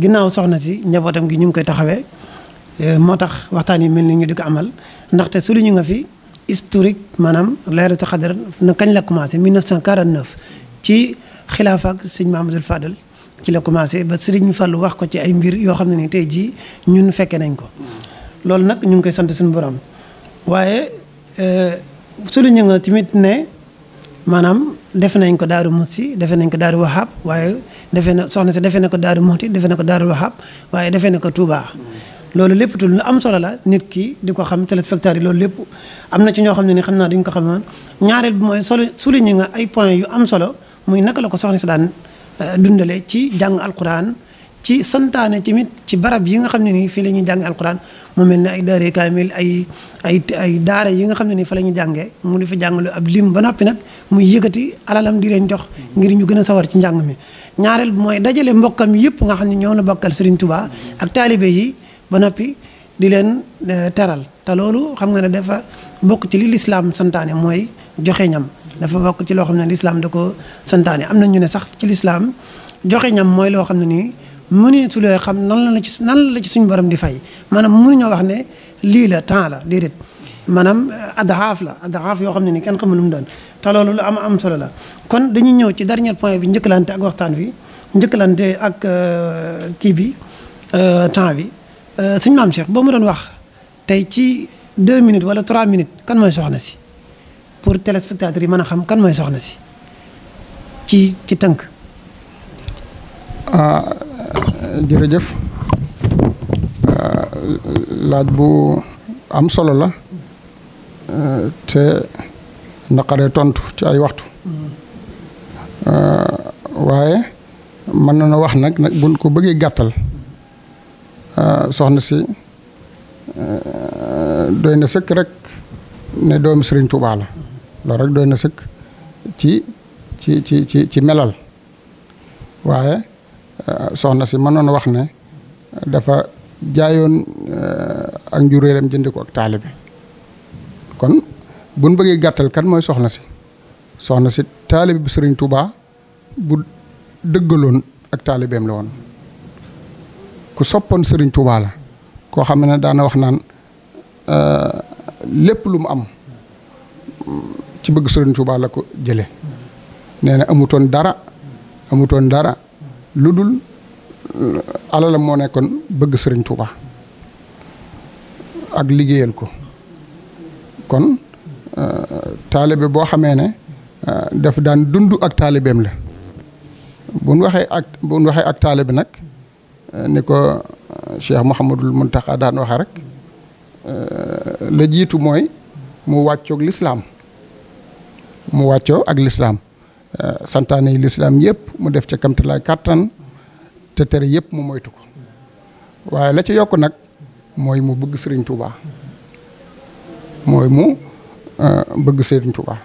ginnaaw soxna si njabootam gi ñu ngi koy taxawee Euh, moo tax waxtaan yi mel ni ñu di ko amal ndaxte su ñu nga fi historique maanaam laylatul xadar na kañ la commencé 1949 ci xilaaf ak sëñ Mahamadul Fadal ci la commencé ba Sëriñ Fallu wax ko ci ay mbir yoo xam ne ni tey jii ñun fekke nañ ko loolu nag ñu ngi koy sant suñu borom waaye euh, souligné nga tamit ne maanaam defe nañ ko daaru Muxti defe nañ ko daaru Wahab waaye defe na soxna si defe na ko daaru ti defe na ko daaru Wahab waaye defe na ko tuubaa loolu lépp tul lu am solo la nit ki di ko xam téléspectateur yi loolu lépp am na ci ñoo xam ne ni xam naa duñ ko xamoon ñaareel bi mooy solo souligné nga ay points yu am solo muy naka la ko soxna si daan euh, dundale ci jàng alquran ci santaane tamit ci barab yi nga xam ne nii fii la ñuy jàngee alquran mu mel ne ay daare kaamil ay ay ay daara yi nga xam ne nii fa la ñuy jàngee mu di fa jàngale ab lim ba noppi nag muy yëkkati alalam di leen jox ngir ñu gën a sawar ci njàng mi ñaareel mooy dajale mbokkam yëpp nga xam ne ñoo na bokkal Serigne Touba ak taalibe yi ba noppi di leen eh, teral te loolu xam nga ne dafa bokk ci li lislaam santaane mooy joxe ñam dafa bokk ci loo xam ne lislaam da ko santaane am na ñu ne sax ci lislaam joxe ñam mooy loo xam ne nii mëneesu loo xam nan la ci nan la ci suñu borom di fay maanaam mënuñoo wax ne lii la temps la déedéet maanaam eh, adhaaf la adhaaf yoo xam ne ken kenn xamul lu mu doon te loolu am am solo la kon dañuy ñëw ci dernier point bi njëkkalante ak waxtaan wi njëkkalante ak eh, kii bi temps bi Euh, suñ maam Cheikh boo ma doon wax tey ci 2 minutes wala 3 minutes kan mooy soxna si pour téléspectateurs yi mën a xam kan mooy soxna si ci ci tënk. ah jërëjëf euh, laaj bu am solo la euh, te naqaree tontu ci ay waxtu. Mm. waaye mën na na wax nag nag buñ ko bëggee gàttal. Euh, soxna si euh, doy na sëkk rek ne doom Sëriñ Tuubaa la loolu rek doy na sëkk ci ci ci ci ci melal waaye euh, soxna si mënoon wax ne dafa jaayoon ak njuréelam jëndi ko ak taalibe kon buñ bëggee gàttal kan mooy soxna si soxna si taalibe bi Sëriñ Tuubaa bu dëggaloon ak taalibeem la woon ku soppoon Serigne Touba la koo xam ne daana wax naan euh, lépp lu mu am ci bëgg Serigne Touba la ko jële nee na amutoon dara amutoon dara lu dul euh, alalam moo nekkoon bëgg sëriñ Touba ak liggéeyal ko kon euh, taalibe boo xamee ne daf daan dund ak taalibeem la bu nu waxee ak bu nu waxee ak taalibe nag. ni ko euh, Cheikh Mouhamadul Muntaxa daan waxe rek euh, la jiitu mooy mu wàccoog lislaam mu wàccoo ak lislaam euh, santaane yi lislaam yëpp mu def ca kamtalaay kàttan te tere yëpp mu moytu ko waaye la ci yokk nag mooy mu bëgg sëriñ Touba mooy mu bëgg sëriñ Touba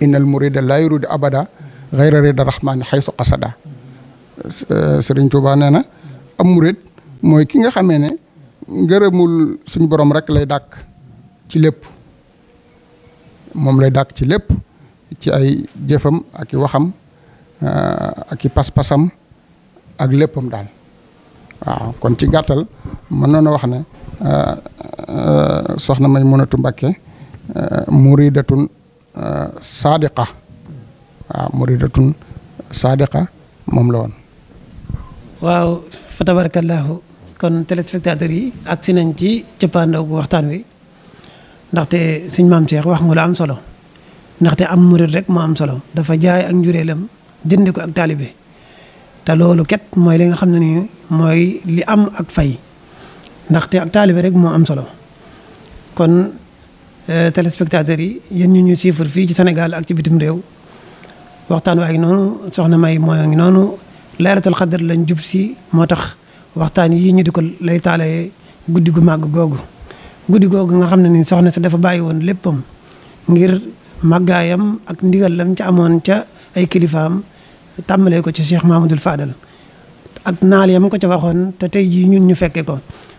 innal murida laa yuridu abada gayra rida rahmaani xaysu qasada Serigne Touba nee na am mooy ki nga xamee ne ngërëmul suñ borom rek lay dàkk ci lépp moom lay dàkk ci lépp ci ay jëfam ak i waxam ah, ak i pas-pasam ak léppam daal waaw kon ci gàttal mën noonu wax ne ah, ah, soxna may mënatu Mbàkke muridatun saadiqa waaw muridatun saadiqa moom la woon waaw fa tabarakallahu kon téléspectateurs yi agsi nañ ci cëppaandaw gu waxtaan wi ndaxte suñ maam Cheikh wax nga lu am solo ndaxte am murid rek moo am solo dafa jaay ak njureelam jëndi ko ak taalibe te loolu ket mooy li nga xam ne nii mooy li am ak fay ndaxte ak taalibe rek moo am solo kon euh, téléspectateurs yi yéen ñu ñu siifar fii ci Sénégal ak ci bitim réew waxtaan waa ngi noonu soxna May mooy ngi noonu laylatul xadar lañ jub si moo tax waxtaan yi ñu di ko lay taalee guddi gu màgg googu guddi googu nga xam ne ni soxna si dafa bàyyi woon léppam ngir màggaayam ak ndigal lam ca amoon ca ay kilifaam tàmbalee ko ci Cheikh Mahamadul Fadal ak naal yam ko ca waxoon te tey jii ñun ñu fekke ko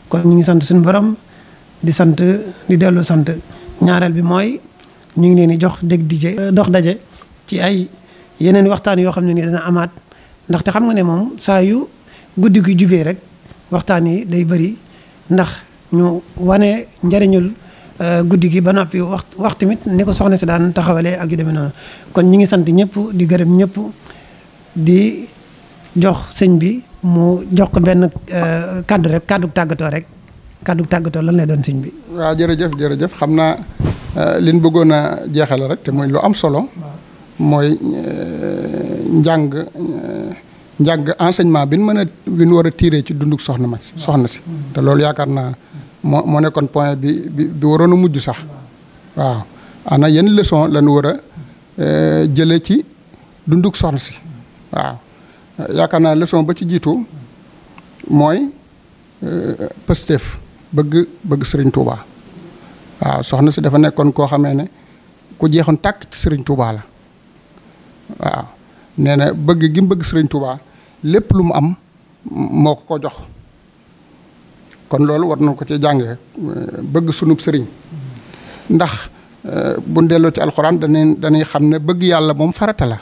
kon ñu ngi sant suñu borom di sant di dellu sant ñaareel bi mooy ñu ngi leen di jox dégg dije dox daje ci ay yeneen waxtaan yoo xam ne ni dana amaat ndaxte xam nga ne moom saa yu guddi gi jubee rek waxtaan yi day bëri ndax ñu wane njariñul euh, guddi gi ba noppi wax wax tamit ni ko soxna si daan taxawalee ak yu demee noonu kon ñi ngi sant ñëpp di gërëm ñëpp di jox sëñ bi mu jox ko benn euh, kàddu rek kàddu tàggatoo rek kàddu tàggatoo lan lay doon sëñ bi. waaw jërëjëf jërëjëf xam naa euh, liñ bëggoon a jeexal rek te mooy lu am solo. mooy njàng njàng enseignement bi ñu mën a bi nu war a tiiree ci dunduk soxna ma soxna si te loolu yaakaar naa moo moo nekkoon point bi bi waroon a mujj sax waaw ana yenn leçon la ñu war a eh, jële ci dunduk soxna si waaw yaakaar naa leçon ba ci jiitu mooy eh, Pastef bëgg bëgg sëriñ Touba waaw soxna si dafa nekkoon koo xamee ne ku jeexoon tàkk ci Serigne Touba la waaw nee na bëgg gi bëgg sëriñ Touba lépp lu mu am moo ko jox kon loolu war na ko ci jànge euh, bëgg sunub sëriñ ndax euh, bu delloo ci alxuraan dañuy dañuy xam ne bëgg yàlla moom farata la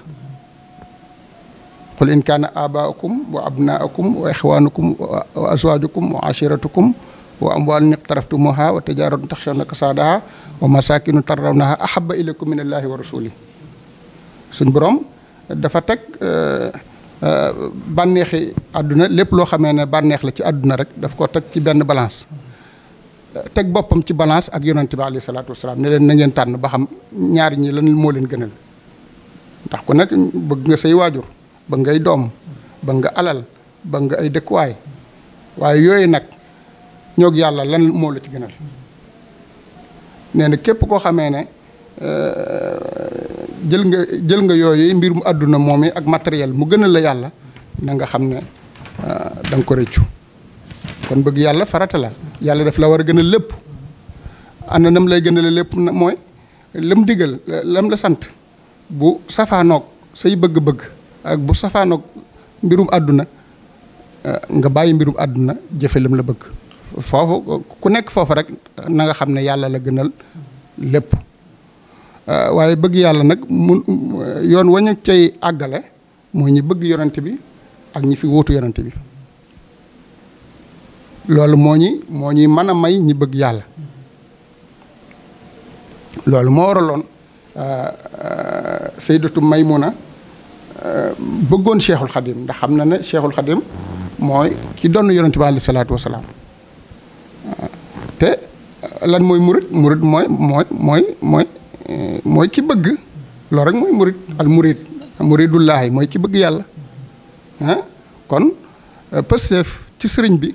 qul in kaana abaakum wa abnaakum wa ixwaanukum wa azwaajukum wa ashiratukum wa amwaalun iqtaraftumuha wa tijaratun taxshawna kasaadaha wa masakinu tarrawnaha ahabba ilaykum min allahi wa rasuli suñ borom dafa teg euh, euh, bànneexi àdduna lépp loo xamee ne bànneex la ci àdduna rek daf ko teg ci benn balance teg boppam ci balance ak yonante bi alayhi salaatu wasalaam ne leen na ngeen tànn ba xam ñaari ñi lan moo leen gënal ndax ko nekk bëgg nga sëy waajur bëgg ngay doom bëgg nga alal bëgg nga ay dëkkuwaay waaye yooyu nag ñoog yàlla lan moo la ci gënal nee na képp koo xamee ne Euh, jël nga jël nga yooyu mbirum àdduna moom yi ak matériel mu gënal la yàlla na nga xam ne euh, da nga ko rëccu kon bëgg yàlla farata la yàlla daf la war a gënal lépp na nam lay gënale lépp mooy lam digal lam la sant bu safaanoog say bëgg-bëgg ak bu safaanoog mbirum àdduna euh, nga bàyyi mbirum àdduna jëfe lam la bëgg foofu ku nekk foofu rek nanga xam ne yàlla la gënal lépp Euh, waaye bëgg yàlla nag mun yoon wañu cay àggale mooy ñi bëgg yonent bi ak ñi fi wóotu yonent bi loolu moo ñi moo ñuy mën a may ñi bëgg yàlla loolu moo waraloon euh, euh, saydatu maymuna bëggoon cheikhul xadim ndax xam na ne cheikhul xadim mooy ki doon yonent bi alayhi salaatu wasalaam te lan mooy murit murit mooy mooy mooy mooy mooy ci bëgg loolu rek mooy murit al murit muridullaahi mooy ci bëgg yàlla ah kon euh, pësteef ci sëriñ bi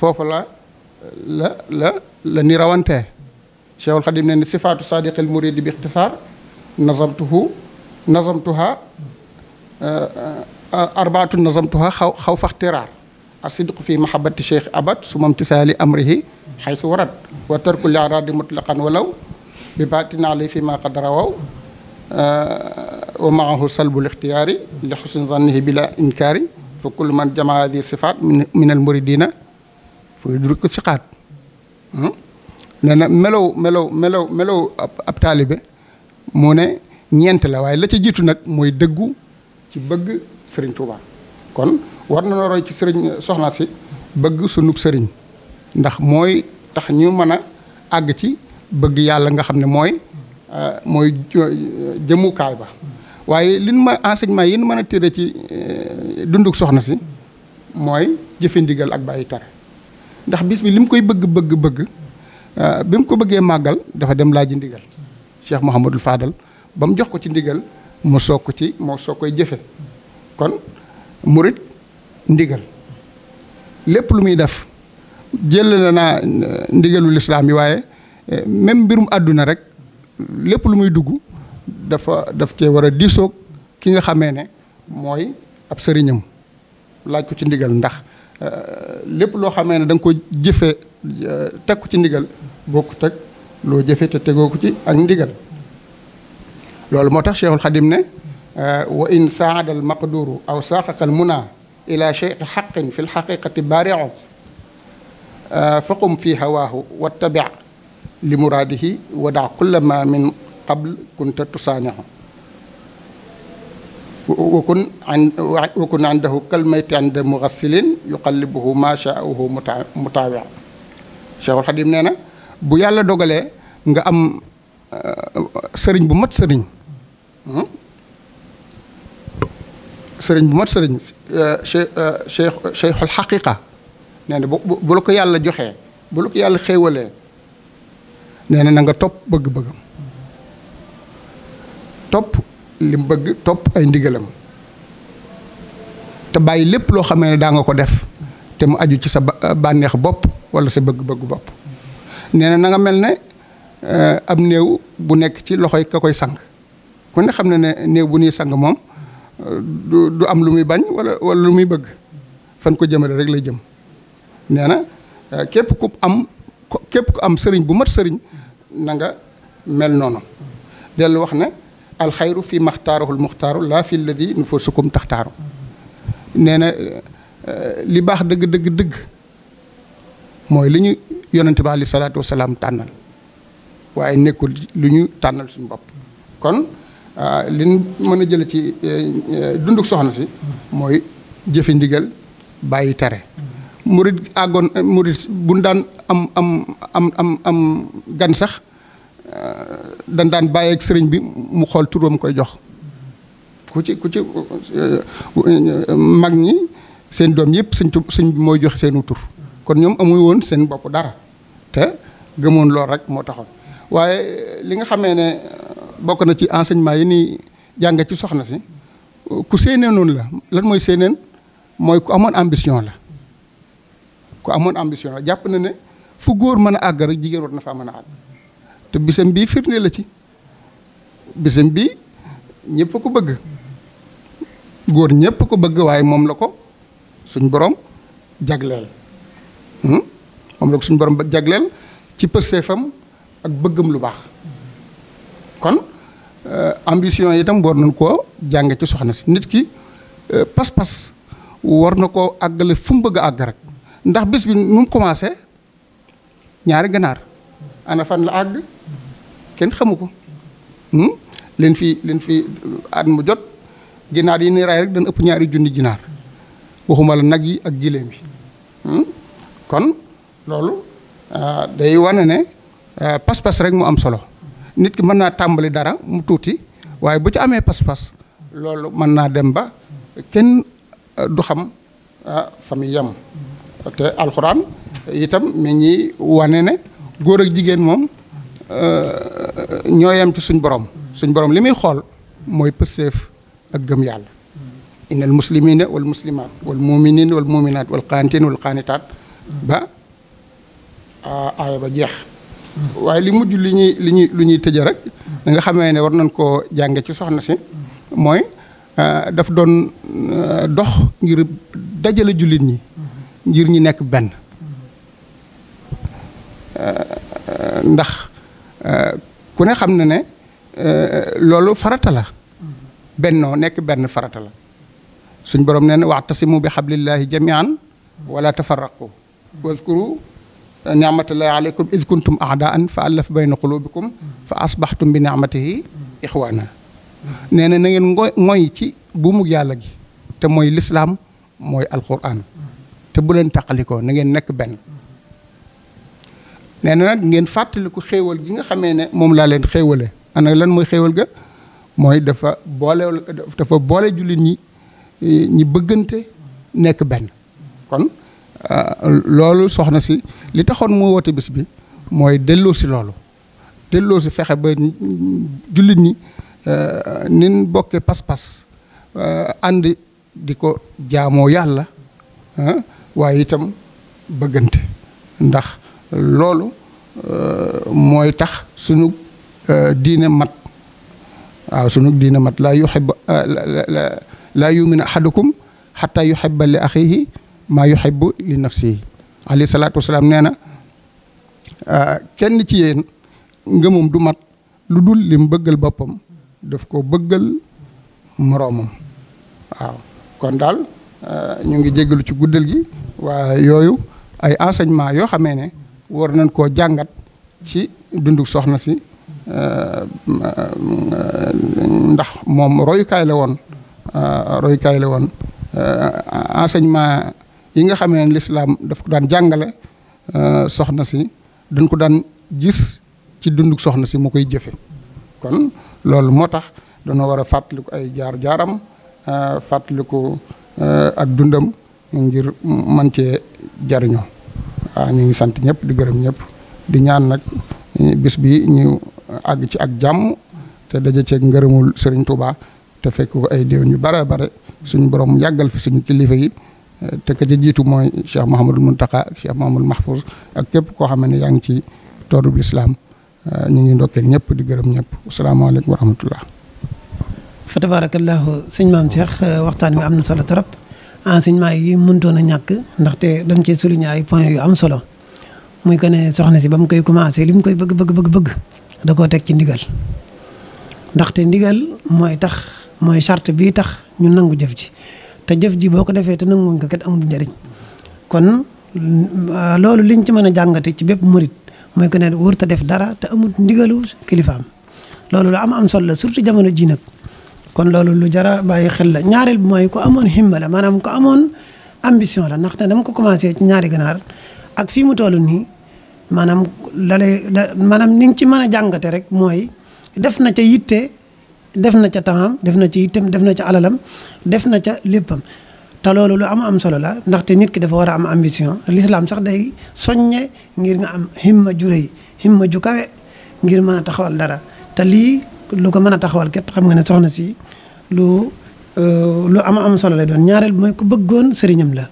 foofu la la la la ni rawantee Cheikhul Xadim ne ni sifaatu sadiqil muridi bi ixtisaar nazamtuhu nazamtuha euh, euh, arbaatu nazamtuha xaw xaw faxtiraar asidqu fi mahabbati cheikh abad su mam tisaali amrihi xaysu warat wa tarku li mutlaqan walaw bi naa li fi ma qad rawaw euh, wa maahu salbul ixtiyaari li xusni zannihi bila inkaari fa kullu man jamaa hadi sifaat min al muridina fa yudriku siqaat hmm? nee na melow melow melow melow ab taalibe mu ne ñeent la waaye la ca jiitu nag mooy dëggu ci bëgg sëriñ Touba kon war na roy ci sëriñ soxna si bëgg sunub sëriñ ndax mooy tax ñu mën a àgg ci bëgg yàlla nga xam ne mooy euh, mooy jëmukaay ba waaye li ma enseignement yi mën a tëre ci euh, dunduk soxna si mooy jëfe ndigal ak bàyyi tere ndax bis bi li mu koy bëgg bëgg bëgg euh, bi mu ko bëggee màggal dafa dem laaj ndigal Cheikh Mouhamadul Fadal ba mu jox ko ci ndigal mu soog ko ci moo soog koy jëfe kon murit ndigal lépp lu muy def jël na naa ndigalu lislaam yi waaye Eh, même mbirum àdduna rek lépp lu muy dugg dafa daf cee war a diisoog ki nga xamee ne mooy ab sëriñam laaj ko ci ndigal ndax eh, lépp loo xamee ne da ko jëfe eh, teg ko ci ndigal bokkut ak loo jëfe te tegoo ko ci ak ndigal loolu moo tax Cheikhul Xadim ne wa in saada al maqduru aw saaqaka al muna ila cheikh xaqin fi lxaqiqati baariu fi hawaahu wattabi li muraadihi wa daa kulla ma min qabl kunta tusaanihu wakun an wakun andahu kalmayti anda mugassilin yuqallibuhu ma shaahu muta mutaawi Cheikhul Xadim nee na bu yàlla dogalee nga am uh, sëriñ bu mat sëriñ hmm? sëriñ bu mat sëriñ uh, Cheikh uh, Cheikh Cheikhul Xaqiqa nee na bu bu la ko yàlla joxee bu la ko yàlla xéewalee nee na na topp bëgg-bëggam topp li bëgg topp ay ndigalam te bàyyi lépp loo xamee ne daa nga ko def te mu aju ci sa euh, bànneex bopp wala sa bëgg bëgg bopp nee na na mel ne euh, ab néew bu nekk ci loxoy ka koy sang kon ne xam ne ne néew bu ñuy sang moom euh, du am lu muy bañ walla wala lu muy bëgg fan ko jëmale rek la jëm nee na képp ku am ko képp ku am sëriñ bu mat sëriñ nanga mel noonu dellu wax ne alxayru fi maxtaarahul muxtaaru laa fi ladi nufusukum taxtaaru nee na eh, li baax dëgg dëgg dëgg mooy li ñu yonente bi aleyhi salaatu wasalaam tànnal waaye nekkul lu ñu tànnal suñu bopp kon ah, li mën a jël ci eh, eh, dunduk soxna si mooy jëfe ndigal bàyyi tere murit àggoon murit buñ daan am am am am am gan sax euh, dañ daan bàyyeeg sëriñ bi mu xool turam koy jox ku ci ku ci mag ñi seen doom yëpp suñ suñ mooy joxe seenu tur kon ñoom amuy woon seen bopp dara te gëmoon lool rek moo taxoon waaye li nga xamee ne euh, bokk na ci enseignement yi ni jàng ci soxna si ku séenée noonu la lan mooy séeneen mooy ku amoon ambition la ko amoon ambition la jàpp na ne fu góor mën a àgg rek jigéen war na faa mën a àgg te bisam bii firnde la ci bisam bii ñëpp ko bëgg góor ñëpp ko bëgg waaye moom la ko suñ boroom jagleel hmm? moom la ko suñ borom jagleel ci pësteefam ak bëggam lu baax kon euh, ambition itam war nañ koo jànge ci soxna si nit ki euh, pas-pas war na koo àgg fu mu bëgg a àgg rek ndax bis bi nu mu commencé ñaari ganaar ana la àgg kenn xamu ko hmm? leen fi leen fi uh, at mu jot ginaar yi ni raay rek dana ëpp ñaari junni ginaar waxuma la nag yi ak gileem yi hmm? kon loolu uh, day wane ne uh, pas-pas rek mu am solo nit ki mën naa tàmbali dara mu tuuti waaye bu ci amee pas-pas loolu mën naa dem ba kenn du xam fa mu te alxuraan itam mi ñi wane ne góor ak jigéen moom euh, ñoo yem ci suñ borom suñ borom li muy xool mooy pëseef ak gëm yàlla innal muslimina wal muslimaat wal muminina wal muminaat wal qaanitiin wal qaanitaat ba aaya ba jeex waaye li mujj li ñuy li ñuy lu ñuy tëje rek da nga xamee ne war nañ koo jànge ci soxna si mooy euh, daf doon euh, dox ngir dajale jullit ñi ngir ñi nekk benn euh, ndax euh, ku ne xam na ne euh, loolu farata la bennoo nekk benn farata la suñ boroom nee na waxtasimu bi xablillahi jamian wala tafarraqu waskuru niamatullahi aleykum id kuntum aadaan fa asbaxtum bi niamatihi ixwaana nee na ngoy ci buumu yàlla gi te mooy lislaam mooy alquran te bu leen taqalikoo na ngeen nekk benn nee nag ngeen fàttaliku xéewal gi nga xamee ne moom laa leen xéewale ana lan mooy xéewal ga mooy dafa boole dafa boole jullit ñi ñi bëggante nekk benn kon euh, loolu soxna si li taxoon mu woote bis bi mooy delloo si loolu delloo si fexe ba jullit ñi euh, nin bokkee pas-pas euh, ànd di ko jaamoo yàlla waaye itam bëggante ndax loolu euh, mooy tax sunu euh, diine mat waaw sunu diine mat laa yuhibbu euh, laa yu'minu ahadukum xataa yuhibba li axiihi maa yuhibbu li nafsihi alayhi salaatu wasalaam nee na kenn ci yéen ngëmam du mat lu dul lim bëggal boppam def ko bëggal moroomam waaw kon daal Euh, ñu ngi jéggalu ci guddal gi waaye yooyu ay enseignement yoo xamee ne war nañ koo jàngat ci dunduk soxna si euh, ndax moom royukaay la woon euh, royukaay la woon enseignement yi nga xamee ne lislaam daf ko daan jàngale soxna si dañ ko daan gis ci dunduk soxna si mu koy jëfe kon loolu moo tax dana war a fàttaliku ay jaar jaaram fàttaliku Euh, ak dundam ngir man cee jariño waaw ñu ngi sant ñëpp di gërëm ñëpp di ñaan nag bis bi ñu àgg ci ak jàmm te daje ceeg ngërëmul Serigne Touba te fekk ko ay déew ñu bare bare suñu borom yàggal fi suñu kilifa yi euh, te ka ca jiitu mooy Cheikh Mouhamadul Mountakha Cheikh Mouhamadul Mahfouz ak képp koo xam ne yaa ngi ci toorub lislaam euh, ñu ngi ndokkeel ñëpp di gërëm ñëpp asalaamaaleykum wa rahmatullah fa tabaarakallaahu sëñ maam Cheikh euh, waxtaan wi am na solo trop enseignement yi mëntoon a ñàkk ndaxte da cee souligner ay points yu am solo muy que ne soxna si ba mu koy commencé li mu koy bëgg bëgg bëgg bëgg da koo teg ci ndigal ndaxte ndigal mooy tax mooy charte bii tax ñu nangu jëf ji te jëf ji boo ko defee te nanguwuñ ko kat amul njëriñ kon euh, loolu liñ ci mën a jàngate ci bépp murit mooy que ne wër ta def dara te amul ndigalu kilifaam loolu lu am am solo la surtout jamono ji nag kon loolu lu jara bàyyi xel la ñaareel bi mooy ko amoon himma la maanaam ko amoon ambition la ndax ne dama ko commencé ci ñaari ganaar ak fii mu toll nii maanaam la lay maanaam ni nga ci mën a jàngate rek mooy def na ca yitte def na ca temps def na ca yittem def na ca alalam def na ca léppam te loolu lu am am solo la ndaxte nit ki dafa war a am ambition l'islam sax day soññe ngir nga am himma ju rëy himma ju kawe ngir mën a taxawal dara te lii lu ko mën a taxawal kat xam nga ne soxna si lu euh, lu am am solo lay doon ñaareel mooy ku bëggoon sëriñam la.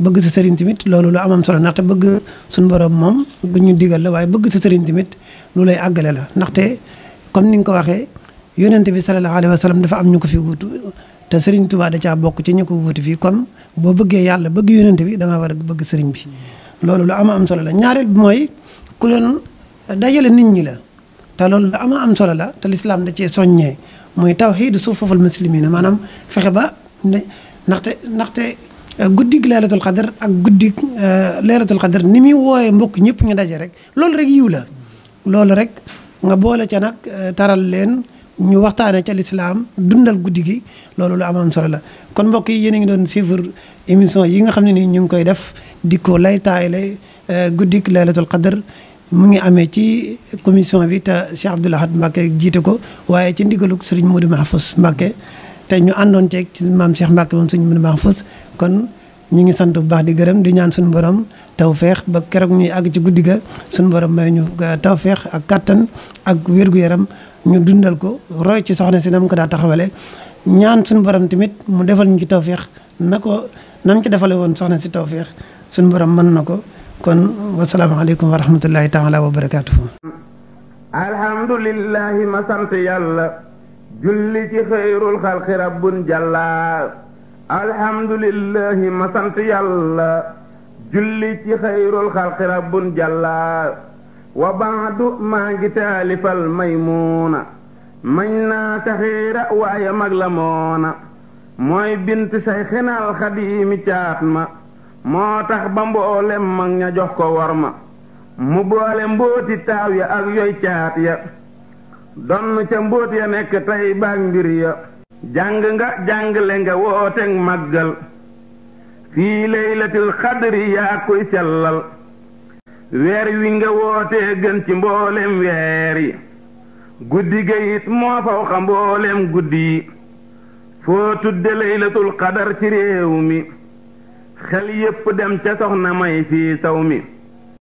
bëgg sa tamit loolu lu am am solo ndaxte bëgg suñu borom moom bu ñu digal waaye bëgg sa sëriñ tamit lu lay àggale la ndaxte comme ni nga ko waxee yonent bi sallallahu alayhi wa sallam dafa am ñu ko fi te sëriñ Tuubaa da caa bokk ci ñu ko wuutu fii comme boo bëggee yàlla bëgg yonent bi war bëgg sëriñ bi. loolu lu am am solo la ñaareel bi mooy ku doon dajale nit ñi la. te loolu lu ama am solo la te lislaam da cee soññee mooy tawxiidu sufuful muslimina maanaam fexe ba ne ndaxte ndaxte euh, guddig leelatul xadar ak guddig euh, leelatul xadar ni muy wooyee mbokk ñëpp ñu daje rek loolu rek yiw la loolu rek nga boole ca nag euh, taral leen ñu waxtaanee ca lislaam dundal guddi gi loolu lu am am solo la kon mbokk yi yéen a ngi doon suivre émission yi nga xam ne nii ñu ngi koy def di ko lay taayale guddig leelatul xadar mu ngi amee ci commission bi te Cheikh Abdoul Ahad Mbacké jiite ko waaye ci ndigalug sëriñ Modou Mahfous Mbacké te ñu àndoon ceeg ci maam Cheikh Mbacké moom sëriñ Modou Mahfous kon ñu ngi sant bu baax di gërëm di ñaan suñu borom tawféex ba keroog ñuy àgg ci guddi ga suñu borom may ñu euh, tawféex ak kattan ak wér yaram ñu dundal ko roy ci soxna si na mu ko daa taxawale ñaan suñu borom tamit mu defal ñu ci tawféex na ko nam ci defalee woon soxna si tawféex suñu borom mën na ko kon wasalaamaaleykum wa rahmatullahi taala wa barakaatuhu ma sant yàlla julli ci xëyrul xalqi rabbun jàlla ma sant yàlla julli ci xëyrul xalqi rabbun wa baadu maa ngi taalifal maymuuna mañ naa saxiira waaye mag la moona moo tax ba mboolem mag ña jox ko worma mu boole mbóoti taaw ya ak yoy caat ya donn ca mbóot ya nekk tey baag mbir ya jàng nga jàngle nga wooteeg màggal fii laylatil xadri yaa koy sellal weer wi nga wootee gën ci mboolem weer yi guddi ga moo faw xa mboolem guddi yi foo tudde laylatul xadar ci réew mi xel yépp dem ca na may fii saw mi